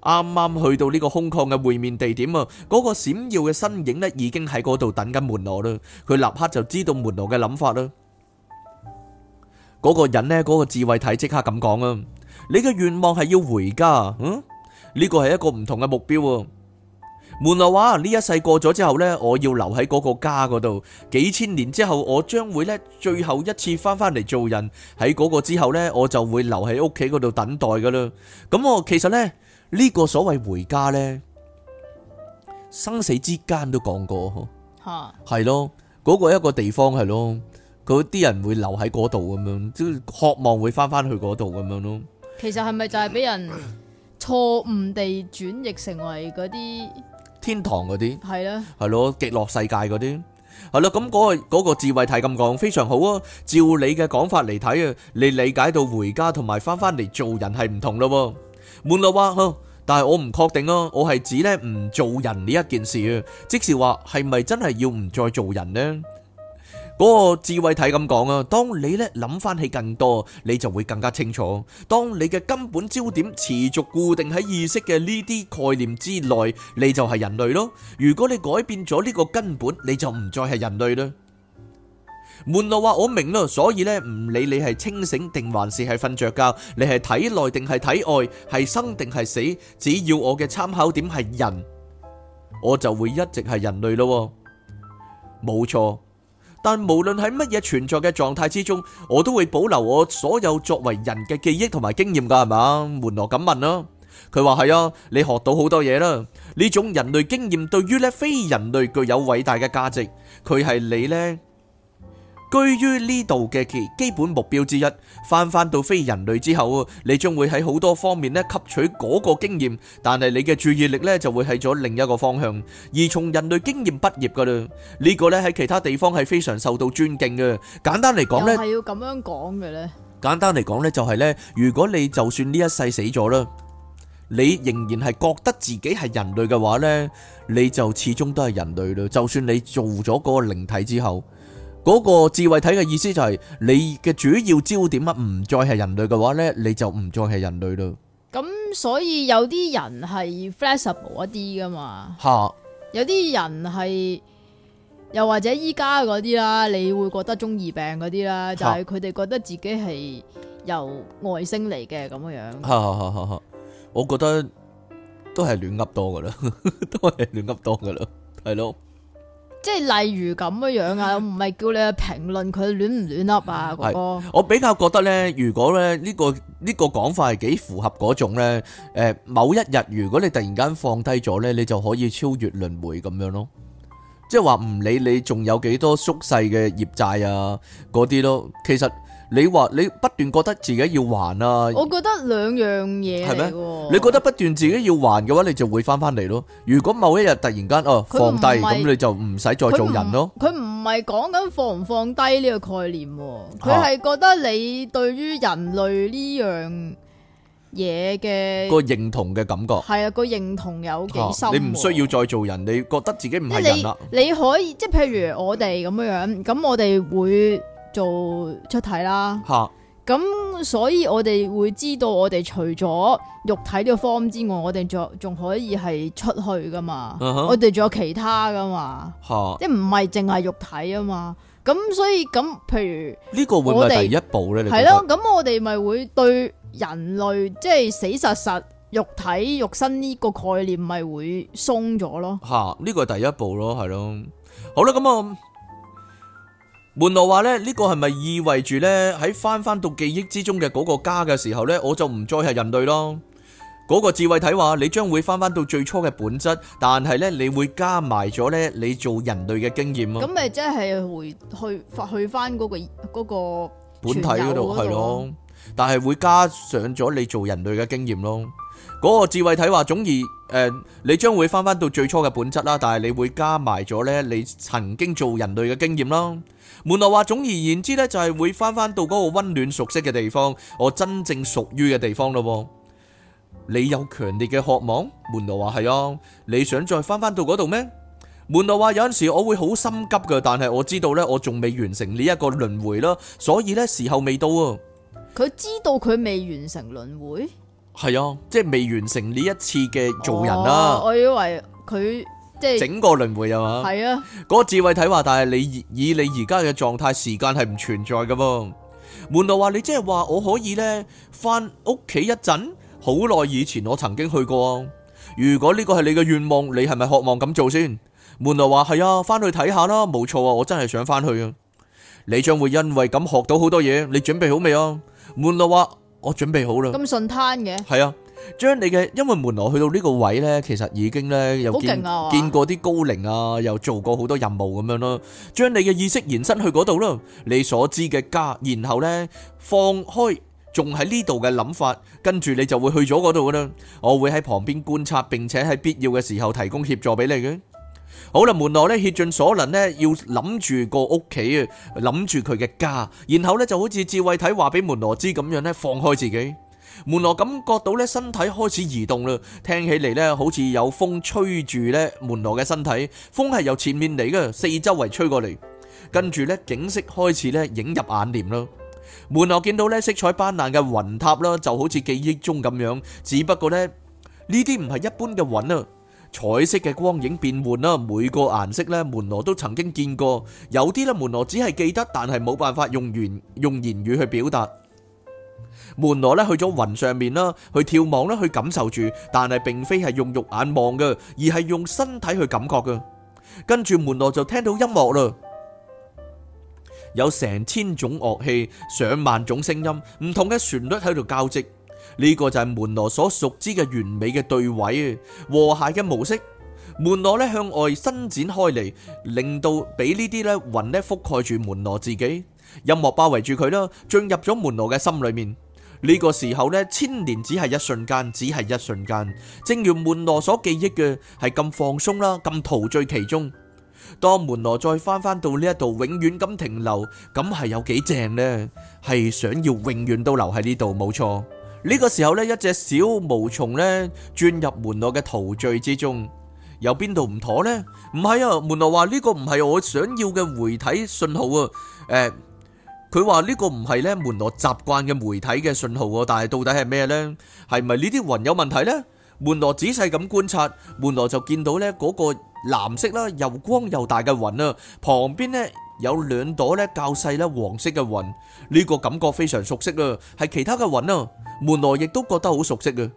啱啱去到呢個空曠嘅會面地點啊，嗰個閃耀嘅身影咧已經喺嗰度等緊門羅啦。佢立刻就知道門羅嘅諗法啦。嗰個人咧，嗰個智慧體即刻咁講啊！你嘅願望係要回家，嗯？呢個係一個唔同嘅目標啊！門內話呢一世過咗之後咧，我要留喺嗰個家嗰度。幾千年之後，我將會咧最後一次翻翻嚟做人。喺嗰個之後咧，我就會留喺屋企嗰度等待噶啦。咁我其實咧呢個所謂回家咧，生死之間都講過，係咯，嗰個一個地方係咯。佢啲人會留喺嗰度咁樣，即係渴望會翻翻去嗰度咁樣咯。其實係咪就係俾人錯誤地轉譯成為嗰啲天堂嗰啲？係啦，係咯極樂世界嗰啲，係啦。咁嗰個嗰個智慧體咁講非常好啊。照你嘅講法嚟睇啊，你理解到回家同埋翻翻嚟做人係唔同咯。滿樂話呵，但係我唔確定啊。我係指咧唔做人呢一件事啊，即是話係咪真係要唔再做人呢？嗰個智慧體咁講啊，當你呢諗翻起更多，你就會更加清楚。當你嘅根本焦點持續固定喺意識嘅呢啲概念之內，你就係人類咯。如果你改變咗呢個根本，你就唔再係人類啦。門路話我明咯，所以呢，唔理你係清醒定還是係瞓着覺，你係體內定係體外，係生定係死，只要我嘅參考點係人，我就會一直係人類咯。冇錯。但無論喺乜嘢存在嘅狀態之中，我都會保留我所有作為人嘅記憶同埋經驗噶，係嘛？門羅咁問啦。佢話係啊，你學到好多嘢啦，呢種人類經驗對於咧非人類具有偉大嘅價值，佢係你咧。居於呢度嘅其基本目標之一，返返到非人類之後，你將會喺好多方面咧吸取嗰個經驗，但係你嘅注意力咧就會喺咗另一個方向，而從人類經驗畢業噶啦。呢個咧喺其他地方係非常受到尊敬噶。簡單嚟講咧，係要咁樣講嘅咧。簡單嚟講咧，就係咧，如果你就算呢一世死咗啦，你仍然係覺得自己係人類嘅話咧，你就始終都係人類啦。就算你做咗嗰個靈體之後。嗰個智慧體嘅意思就係你嘅主要焦點啊，唔再係人類嘅話咧，你就唔再係人類咯。咁所以有啲人係 flexible 一啲噶嘛，吓，有啲人係又或者依家嗰啲啦，你會覺得中二病嗰啲啦，就係佢哋覺得自己係由外星嚟嘅咁樣樣。吓吓吓吓吓，我覺得都係亂噏多噶啦，都係亂噏多噶啦，係咯。即係例如咁嘅樣啊，我唔係是叫你去評論佢亂唔亂噏啊，哥、那個、我比較覺得呢，如果咧、這、呢個呢、這個講法係幾符合嗰種呢誒、呃，某一日如果你突然間放低咗呢，你就可以超越輪迴咁樣咯，即係話唔理你仲有幾多宿世嘅業債啊，嗰啲咯，其實。你話你不斷覺得自己要還啊？我覺得兩樣嘢。係咩？你覺得不斷自己要還嘅話，你就會返返嚟咯。如果某一日突然間哦放低，咁你就唔使再做人咯。佢唔係講緊放唔放低呢個概念，佢係覺得你對於人類呢樣嘢嘅個認同嘅感覺係啊個認同有幾深？你唔需要再做人，你覺得自己唔係人啦。你可以即係譬如我哋咁樣樣，咁我哋會。做出體啦，咁哈所以我哋會知道我哋除咗肉體呢個 form 之外，我哋仲仲可以係出去噶嘛，uh huh? 我哋仲有其他噶嘛，哈即係唔係淨係肉體啊嘛，咁所以咁，譬如呢個會唔係第一步咧？係咯們，咁啦我哋咪會對人類即係、就是、死實實肉體肉身呢個概念咪會鬆咗咯？吓，呢、這個係第一步咯，係咯，好啦，咁我。門羅話咧，呢個係咪意味住咧喺翻翻到記憶之中嘅嗰個家嘅時候咧，我就唔再係人類咯？嗰個智慧體話，你將會翻翻到最初嘅本質，但係咧，你會加埋咗咧你做人類嘅經驗咯。咁咪即係回去去翻嗰個嗰個本體嗰度係咯，但係會加上咗你做人類嘅經驗咯。嗰個智慧體話，總而誒你將會翻翻到最初嘅本質啦，但係你會加埋咗咧你曾經做人類嘅經驗咯。門諾話，總而言之咧，就係會翻翻到嗰個溫暖熟悉嘅地方，我真正屬於嘅地方咯。你有強烈嘅渴望？門諾話係啊，你想再翻翻到嗰度咩？門諾話有陣時我會好心急噶，但係我知道咧，我仲未完成呢一個輪回咯，所以咧時候未到啊。佢知道佢未完成輪回？係啊，即係未完成呢一次嘅做人啦，哦。我以為佢。整個輪迴啊嘛，係啊，嗰個智慧體話，但係你以你而家嘅狀態，時間係唔存在噶噃。門路話你即係話我可以咧翻屋企一陣，好耐以前我曾經去過。如果呢個係你嘅願望，你係咪渴望咁做先？門路話係啊，翻去睇下啦，冇錯啊，我真係想翻去啊。你將會因為咁學到好多嘢，你準備好未啊？門路話我準備好啦。咁順攤嘅？係啊。將你嘅，因為門羅去到呢個位咧，其實已經咧有見見過啲高靈啊，又做過好多任務咁樣咯。將你嘅意識延伸去嗰度咯，你所知嘅家，然後咧放開，仲喺呢度嘅諗法，跟住你就會去咗嗰度噶啦。我會喺旁邊觀察，並且喺必要嘅時候提供協助俾你嘅。好啦，門羅咧竭盡所能咧，要諗住個屋企啊，諗住佢嘅家，然後咧就好似智慧體話俾門羅知咁樣咧，放開自己。門羅感覺到咧身體開始移動啦，聽起嚟咧好似有風吹住咧門羅嘅身體，風係由前面嚟嘅，四周圍吹過嚟，跟住咧景色開始咧映入眼簾咯。門羅見到咧色彩斑斕嘅雲塔啦，就好似記憶中咁樣，只不過咧呢啲唔係一般嘅雲啊，彩色嘅光影變換啦，每個顏色咧門羅都曾經見過，有啲啦門羅只係記得，但係冇辦法用言用言語去表達。門羅去咗雲上面，去眺望，去感受住，但係並非係用肉眼望嘅，而係用身體去感覺嘅跟住音樂包圍住佢啦，進入咗門羅嘅心裏面。呢個時候呢，千年只係一瞬間，只係一瞬間。正如門羅所記憶嘅，係咁放鬆啦，咁陶醉其中。當門羅再返返到呢一度，永遠咁停留，咁係有幾正呢？係想要永遠都留喺呢度，冇錯。呢個時候呢，一隻小毛蟲呢，鑽入門羅嘅陶醉之中，有邊度唔妥呢？唔係啊，門羅話呢個唔係我想要嘅回體信號啊，誒。佢話呢個唔係咧門羅習慣嘅媒體嘅信號喎，但係到底係咩呢？係咪呢啲雲有問題呢？門羅仔細咁觀察，門羅就見到咧嗰個藍色啦，又光又大嘅雲啊，旁邊呢有兩朵咧較細啦黃色嘅雲，呢個感覺非常熟悉啊，係其他嘅雲啊，門羅亦都覺得好熟悉啊。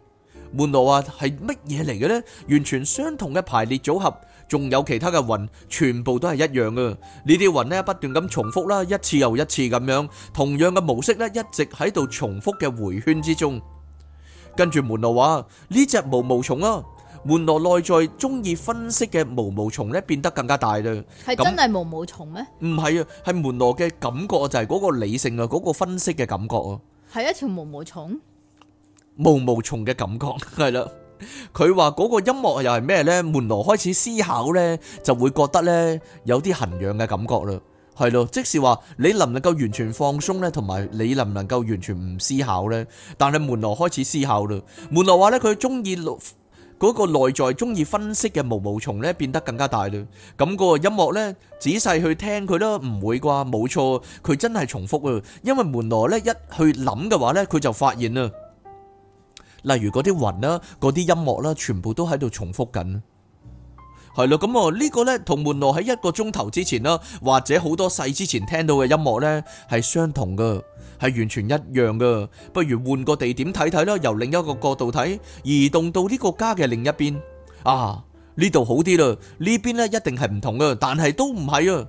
門羅話係乜嘢嚟嘅呢？完全相同嘅排列組合，仲有其他嘅雲，全部都係一樣嘅。呢啲雲呢，不斷咁重複啦，一次又一次咁樣，同樣嘅模式呢，一直喺度重複嘅迴圈之中。跟住門羅話呢隻毛毛蟲啊，門羅內在中意分析嘅毛毛蟲呢，變得更加大啦。係真係毛毛蟲咩？唔係啊，係門羅嘅感覺就係嗰個理性啊，嗰個分析嘅感覺啊，係一條毛毛蟲。毛毛蟲嘅感覺係啦，佢話嗰個音樂又係咩咧？門羅開始思考咧，就會覺得咧有啲痕癢嘅感覺啦，係咯。即係話你能唔能夠完全放鬆咧，同埋你能唔能夠完全唔思考咧？但係門羅開始思考啦。門羅話咧，佢中意嗰個內在中意分析嘅毛毛蟲咧，變得更加大啦。咁嗰個音樂咧，仔細去聽佢都唔會啩？冇錯，佢真係重複啊。因為門羅咧一去諗嘅話咧，佢就發現啊。例如嗰啲雲啦，嗰啲音樂啦，全部都喺度重複緊。係咯，咁哦呢個呢，同悶攞喺一個鐘頭之前啦，或者好多世之前聽到嘅音樂呢，係相同嘅，係完全一樣嘅。不如換個地點睇睇啦，由另一個角度睇，移動到呢個家嘅另一邊。啊，呢度好啲啦，呢邊呢，一定係唔同嘅，但係都唔係啊，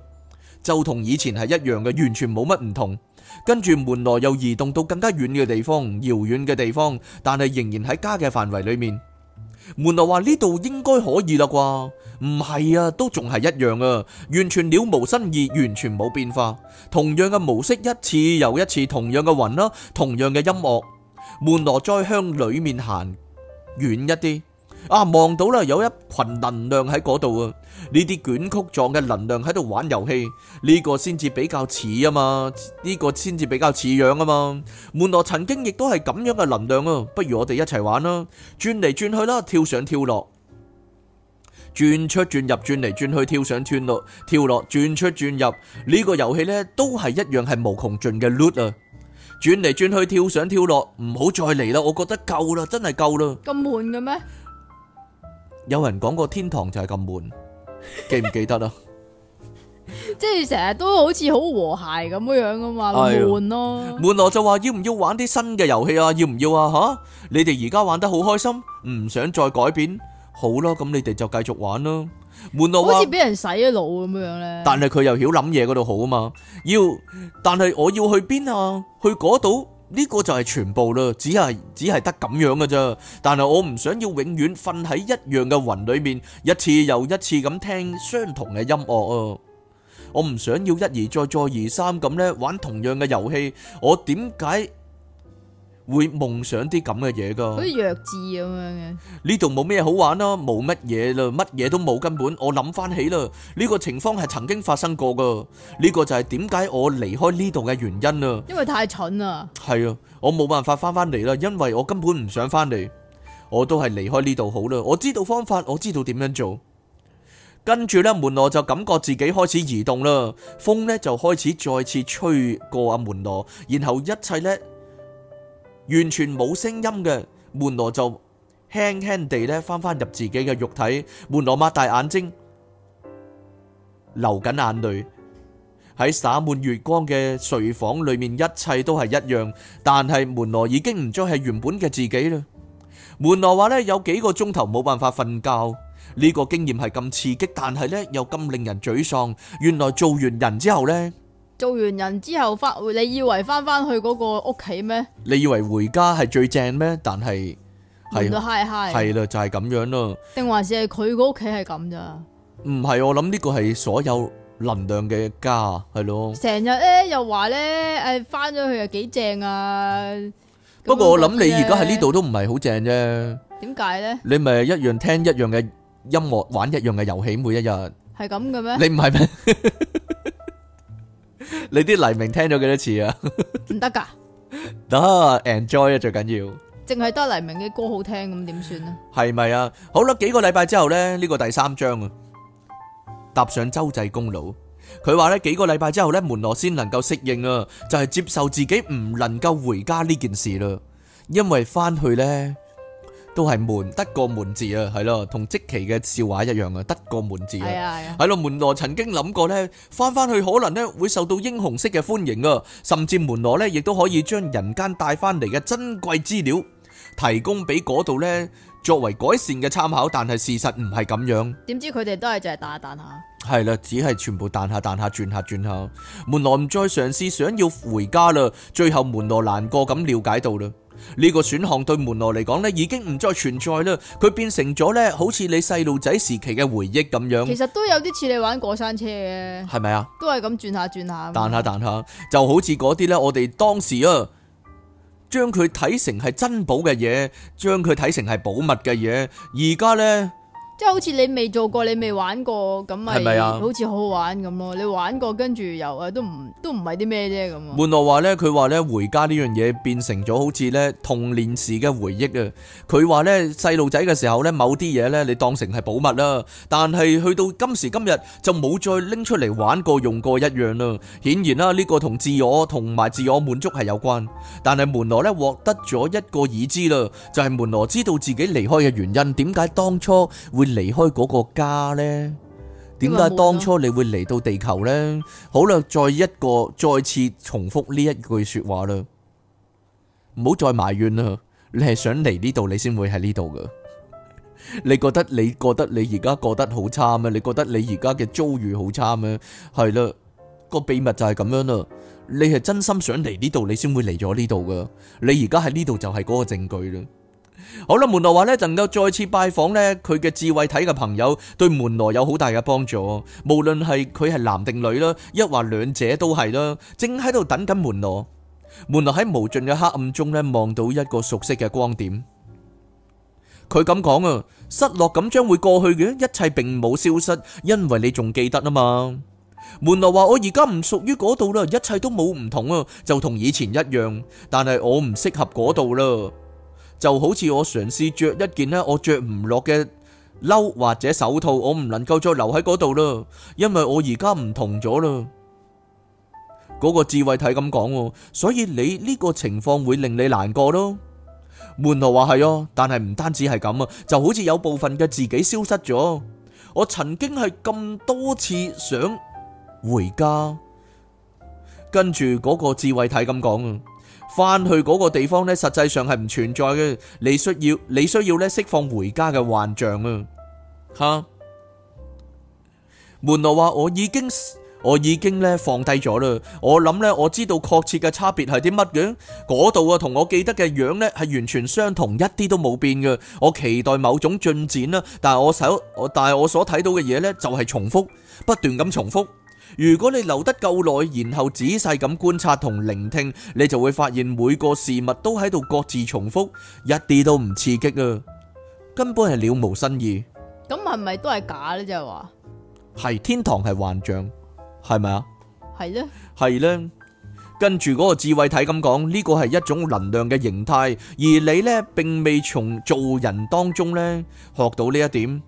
就同以前係一樣嘅，完全冇乜唔同。跟住門羅又移動到更加遠嘅地方，遙遠嘅地方，但係仍然喺家嘅範圍裏面。門羅話呢度應該可以啦啩？唔係啊，都仲係一樣啊，完全了無新意，完全冇變化，同樣嘅模式一次又一次，同樣嘅雲啦，同樣嘅音樂。門羅再向裏面行遠一啲。啊，望到啦，有一群能量喺嗰度啊！呢啲捲曲狀嘅能量喺度玩遊戲，呢個先至比較似啊嘛，呢個先至比較似樣啊嘛。門羅曾經亦都係咁樣嘅能量啊，不如我哋一齊玩啦，轉嚟轉去啦，跳上跳落，轉出轉入，轉嚟轉去，跳上跳落，跳落轉出轉入呢個遊戲呢，都係一樣係無窮盡嘅 loop 啊！轉嚟轉去，跳上跳落，唔好再嚟啦，我覺得夠啦，真係夠啦，咁悶嘅咩？有人講過天堂就係咁悶，記唔記得啊？即係成日都好似好和諧咁樣樣噶嘛，悶咯。門羅就話要唔要玩啲新嘅遊戲啊？要唔要啊？吓，你哋而家玩得好開心，唔想再改變，好咯，咁你哋就繼續玩咯。門羅好似俾人洗咗腦咁樣樣咧。但係佢又曉諗嘢嗰度好啊嘛，要，但係我要去邊啊？去嗰度。呢個就係全部啦，只係只係得咁樣嘅啫。但係我唔想要永遠瞓喺一樣嘅雲裏面，一次又一次咁聽相同嘅音樂啊！我唔想要一而再再而三咁咧玩同樣嘅遊戲。我點解？會夢想啲咁嘅嘢噶，好似弱智咁樣嘅。呢度冇咩好玩咯，冇乜嘢咯，乜嘢都冇。根本我諗翻起咯，呢個情況係曾經發生過噶。呢個就係點解我離開呢度嘅原因啦。因為太蠢啦。係啊，我冇辦法翻返嚟啦，因為我根本唔想翻嚟。我都係離開呢度好啦。我知道方法，我知道點樣做。跟住咧，門羅就感覺自己開始移動啦，風咧就開始再次吹過阿門羅，然後一切咧。完全冇聲音嘅，門羅就輕輕地咧翻翻入自己嘅肉體，門羅擘大眼睛，流緊眼淚。喺灑滿月光嘅睡房裏面，一切都係一樣，但係門羅已經唔再係原本嘅自己啦。門羅話呢，有幾個鐘頭冇辦法瞓覺，呢個經驗係咁刺激，但係呢又咁令人沮喪。原來做完人之後呢。做完人之後翻，你以為翻翻去嗰個屋企咩？你以為回家係最正咩？但係，係咯，係係係咯，就係咁樣咯。定還是係佢個屋企係咁咋？唔係，我諗呢個係所有能量嘅家，係咯。成日咧又話咧，誒，翻咗去又幾正啊！不過我諗你而家喺呢度都唔係好正啫。點解咧？你咪一樣聽一樣嘅音樂，玩一樣嘅遊戲，每一日係咁嘅咩？你唔係咩？你啲黎明聽咗幾多次啊？唔得噶，得 enjoy 啊最緊要，淨係得黎明嘅歌好聽咁點算啊？係咪啊？好啦，幾個禮拜之後咧，呢個第三章啊，踏上周濟公路，佢話咧幾個禮拜之後咧，門羅先能夠適應啊，就係接受自己唔能夠回家呢件事啦，因為翻去咧。都係悶，得個悶字啊，係咯，同積奇嘅笑話一樣啊，得個悶字啊，係咯，門羅曾經諗過咧，翻翻去可能咧會受到英雄式嘅歡迎啊，甚至門羅咧亦都可以將人間帶翻嚟嘅珍貴資料提供俾嗰度咧作為改善嘅參考，但係事實唔係咁樣。點知佢哋都係就係彈下彈下。係啦，只係全部彈下彈下轉下轉下，門羅唔再嘗試想要回家啦。最後門羅難過咁瞭解到啦。呢個選項對門羅嚟講咧，已經唔再存在啦。佢變成咗呢，好似你細路仔時期嘅回憶咁樣。其實都有啲似你玩過山車嘅，係咪啊？都係咁轉下轉下，彈下彈下，就好似嗰啲呢。我哋當時啊，將佢睇成係珍寶嘅嘢，將佢睇成係寶物嘅嘢，而家呢。即係好似你未做過，你未玩過，咁咪好似好好玩咁咯？你玩過跟住又誒，都唔都唔係啲咩啫咁啊？門羅話咧，佢話咧，回家呢樣嘢變成咗好似咧童年時嘅回憶啊！佢話咧，細路仔嘅時候咧，某啲嘢咧，你當成係寶物啦，但係去到今時今日就冇再拎出嚟玩過、用過一樣啦。顯然啦，呢個同自我同埋自我滿足係有關。但係門羅咧獲得咗一個已知啦，就係門羅知道自己離開嘅原因，點解當初回。會離開嗰個家呢？點解當初你會嚟到地球呢？好啦，再一個，再次重複呢一句說話啦，唔好再埋怨啦。你係想嚟呢度，你先會喺呢度噶。你覺得你覺得你而家過得好差咩？你覺得你而家嘅遭遇好差咩？係啦，個秘密就係咁樣啦。你係真心想嚟呢度，你先會嚟咗呢度噶。你而家喺呢度就係嗰個證據啦。好啦，門羅話呢，能夠再次拜訪呢佢嘅智慧體嘅朋友，對門羅有好大嘅幫助。無論係佢係男定女啦，一或兩者都係啦，正喺度等緊門羅。門羅喺無盡嘅黑暗中呢，望到一個熟悉嘅光點。佢咁講啊，失落感將會過去嘅，一切並冇消失，因為你仲記得啊嘛。門羅話：我而家唔屬於嗰度啦，一切都冇唔同啊，就同以前一樣，但係我唔適合嗰度啦。就好似我嘗試着一件咧，我着唔落嘅褸或者手套，我唔能夠再留喺嗰度咯，因為我而家唔同咗咯。嗰個智慧體咁講，所以你呢個情況會令你難過咯。門諾話係哦，但係唔單止係咁啊，就好似有部分嘅自己消失咗。我曾經係咁多次想回家，跟住嗰個智慧體咁講啊。翻去嗰個地方呢，實際上係唔存在嘅。你需要你需要呢釋放回家嘅幻象啊！吓，門路話我已經我已經呢放低咗啦。我諗呢我知道確切嘅差別係啲乜嘢？嗰度啊同我記得嘅樣呢係完全相同，一啲都冇變嘅。我期待某種進展啦，但係我所但係我所睇到嘅嘢呢就係重複，不斷咁重複。如果你留得夠耐，然後仔細咁觀察同聆聽，你就會發現每個事物都喺度各自重複，一啲都唔刺激啊，根本係了無新意。咁係咪都係假呢？即係話係天堂係幻象，係咪啊？係咧呢，係咧。跟住嗰個智慧體咁講，呢、呢個係一種能量嘅形態，而你呢，並未從做人當中呢，學到呢一點。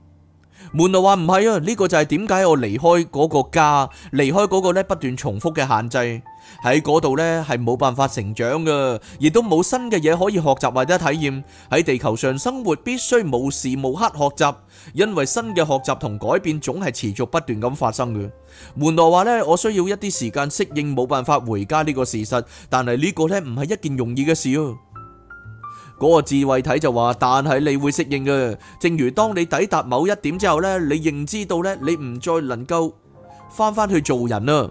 門羅話唔係啊，呢個就係點解我離開嗰個家，離開嗰個咧不斷重複嘅限制，喺嗰度呢，係冇辦法成長噶，亦都冇新嘅嘢可以學習或者體驗。喺地球上生活，必須無時無刻學習，因為新嘅學習同改變總係持續不斷咁發生嘅。門羅話咧，我需要一啲時間適應冇辦法回家呢個事實，但係呢個呢，唔係一件容易嘅事啊。嗰個智慧體就話：但係你會適應嘅，正如當你抵達某一點之後咧，你認知到咧，你唔再能夠翻返去做人啦。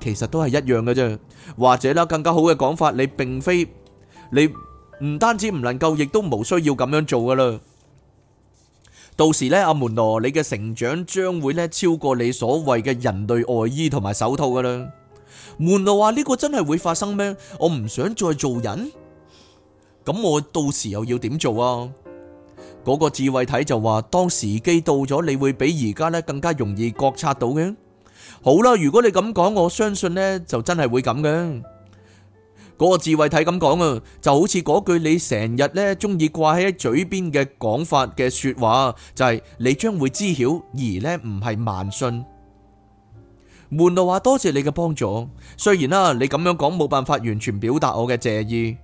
其實都係一樣嘅啫。或者啦，更加好嘅講法，你並非你唔單止唔能夠，亦都冇需要咁樣做噶啦。到時咧，阿門羅，你嘅成長將會咧超過你所謂嘅人類外衣同埋手套噶啦。門羅話：呢個真係會發生咩？我唔想再做人。咁我到時又要點做啊？嗰個智慧體就話，當時機到咗，你會比而家呢更加容易覺察到嘅。好啦，如果你咁講，我相信呢就真係會咁嘅。嗰個智慧體咁講啊，就好似嗰句你成日呢中意掛喺嘴邊嘅講法嘅說話，就係你將會知曉，而呢唔係盲信。門路話，多謝你嘅幫助，雖然啦，你咁樣講冇辦法完全表達我嘅謝意。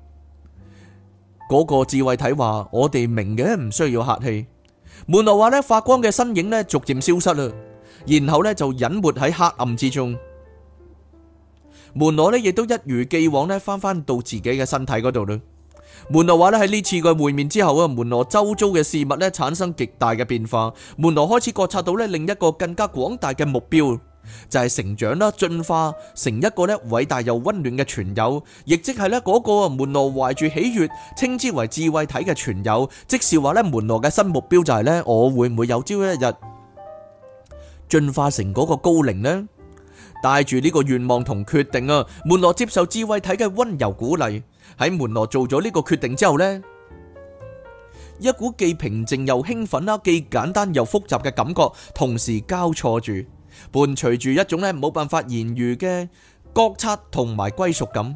嗰個智慧體話：我哋明嘅，唔需要客氣。門羅話咧，發光嘅身影咧，逐漸消失啦，然後咧就隱沒喺黑暗之中。門羅咧亦都一如既往咧，返返到自己嘅身體嗰度啦。門羅話咧，喺呢次嘅會面之後啊，門羅周遭嘅事物咧產生極大嘅變化，門羅開始覺察到咧另一個更加廣大嘅目標。就係成長啦，進化成一個咧偉大又溫暖嘅傳友，亦即係咧嗰個啊門羅懷住喜悅，稱之為智慧體嘅傳友，即是話咧門羅嘅新目標就係咧，「我會唔會有朝一日進化成嗰個高靈呢？」帶住呢個願望同決定啊，門羅接受智慧體嘅溫柔鼓勵，喺門羅做咗呢個決定之後呢，一股既平靜又興奮啦，既簡單又複雜嘅感覺，同時交錯住。伴隨住一種咧冇辦法言喻嘅覺察同埋歸屬感。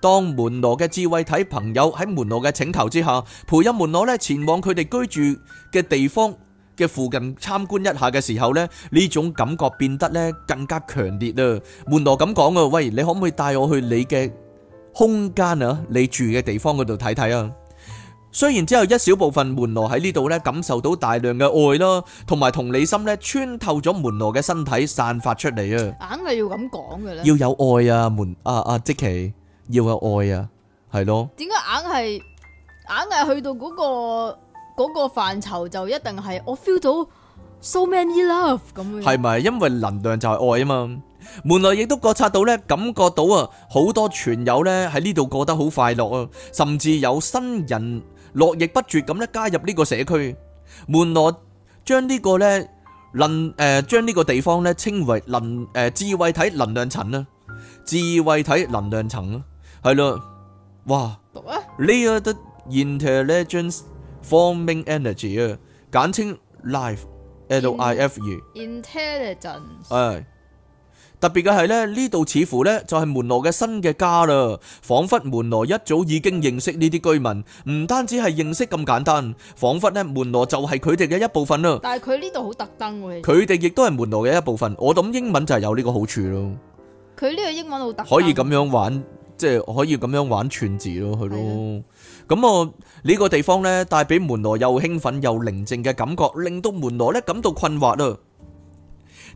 當門羅嘅智慧體朋友喺門羅嘅請求之下，陪引門羅咧前往佢哋居住嘅地方嘅附近參觀一下嘅時候咧，呢種感覺變得呢更加強烈啦。門羅咁講啊，喂，你可唔可以帶我去你嘅空間啊？你住嘅地方嗰度睇睇啊？雖然只有一小部分門羅喺呢度咧，感受到大量嘅愛咯，同埋同理心咧穿透咗門羅嘅身體散發出嚟啊。硬係要咁講嘅咧，要有愛啊，門啊啊，即其要有愛啊，係咯？點解硬係硬係去到嗰個嗰個範疇就一定係我 feel 到 so many love 咁？係咪？因為能量就係愛啊嘛！門羅亦都覺察到咧，感覺到啊，好多傳友咧喺呢度過得好快樂啊，甚至有新人。絡繹不絕咁咧加入呢個社區，門羅將呢個咧能誒、呃、將呢個地方咧稱為能誒智慧體能量層啊，智慧體能量層啊，係咯，哇，呢個得 Layered intelligence forming energy 啊，簡稱 life L I F E，intelligence，係。特別嘅係咧，呢度似乎咧就係門羅嘅新嘅家啦，仿佛門羅一早已經認識呢啲居民，唔單止係認識咁簡單，仿佛咧門羅就係佢哋嘅一部分啦。但係佢呢度好特登喎。佢哋亦都係門羅嘅一部分。我諗英文就係有呢個好處咯。佢呢個英文好特登。可以咁樣玩，即係可以咁樣玩串字咯，係咯。咁我呢個地方咧，帶俾門羅又興奮又寧靜嘅感覺，令到門羅咧感到困惑啦。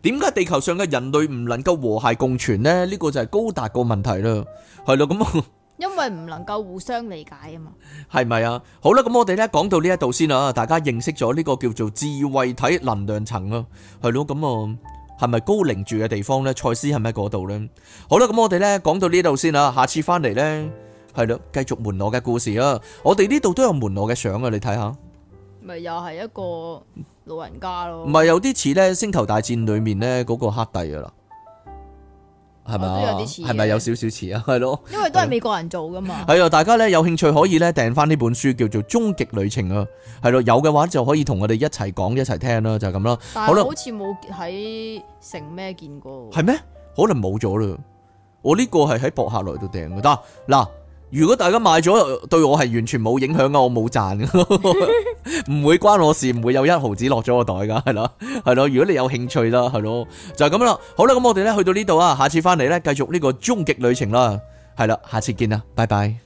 點解地球上嘅人類唔能夠和諧共存呢？呢個就係高達個問題啦，係咯咁啊，因為唔能夠互相理解啊嘛，係咪啊？好啦，咁我哋咧講到呢一度先啦，大家認識咗呢個叫做智慧體能量層啊，係咯咁啊，係咪高靈住嘅地方咧？賽斯係咪喺嗰度咧？好啦，咁我哋咧講到呢度先啦，下次翻嚟咧係咯，繼續門羅嘅故事啊！我哋呢度都有門羅嘅相啊，你睇下，咪又係一個。老人家咯，唔係有啲似咧《星球大戰》裏面咧嗰個黑帝噶啦，係咪啊？係咪、哦、有少少似啊？係 咯，因為都係美國人做噶嘛。係啊， 大家咧有興趣可以咧訂翻呢本書叫做《終極旅程》啊。係咯，有嘅話就可以同我哋一齊講一齊聽啦，就係咁啦。但係好似冇喺城咩見過，係咩？ 可能冇咗啦。我呢個係喺博客來度訂嘅。得？嗱行。如果大家買咗，對我係完全冇影響噶，我冇賺，唔 會關我事，唔會有一毫子落咗我袋噶，係咯，係咯。如果你有興趣啦，係咯，就係咁樣啦。好啦，咁我哋咧去到呢度啊，下次翻嚟咧繼續呢個終極旅程啦，係啦，下次見啦，拜拜。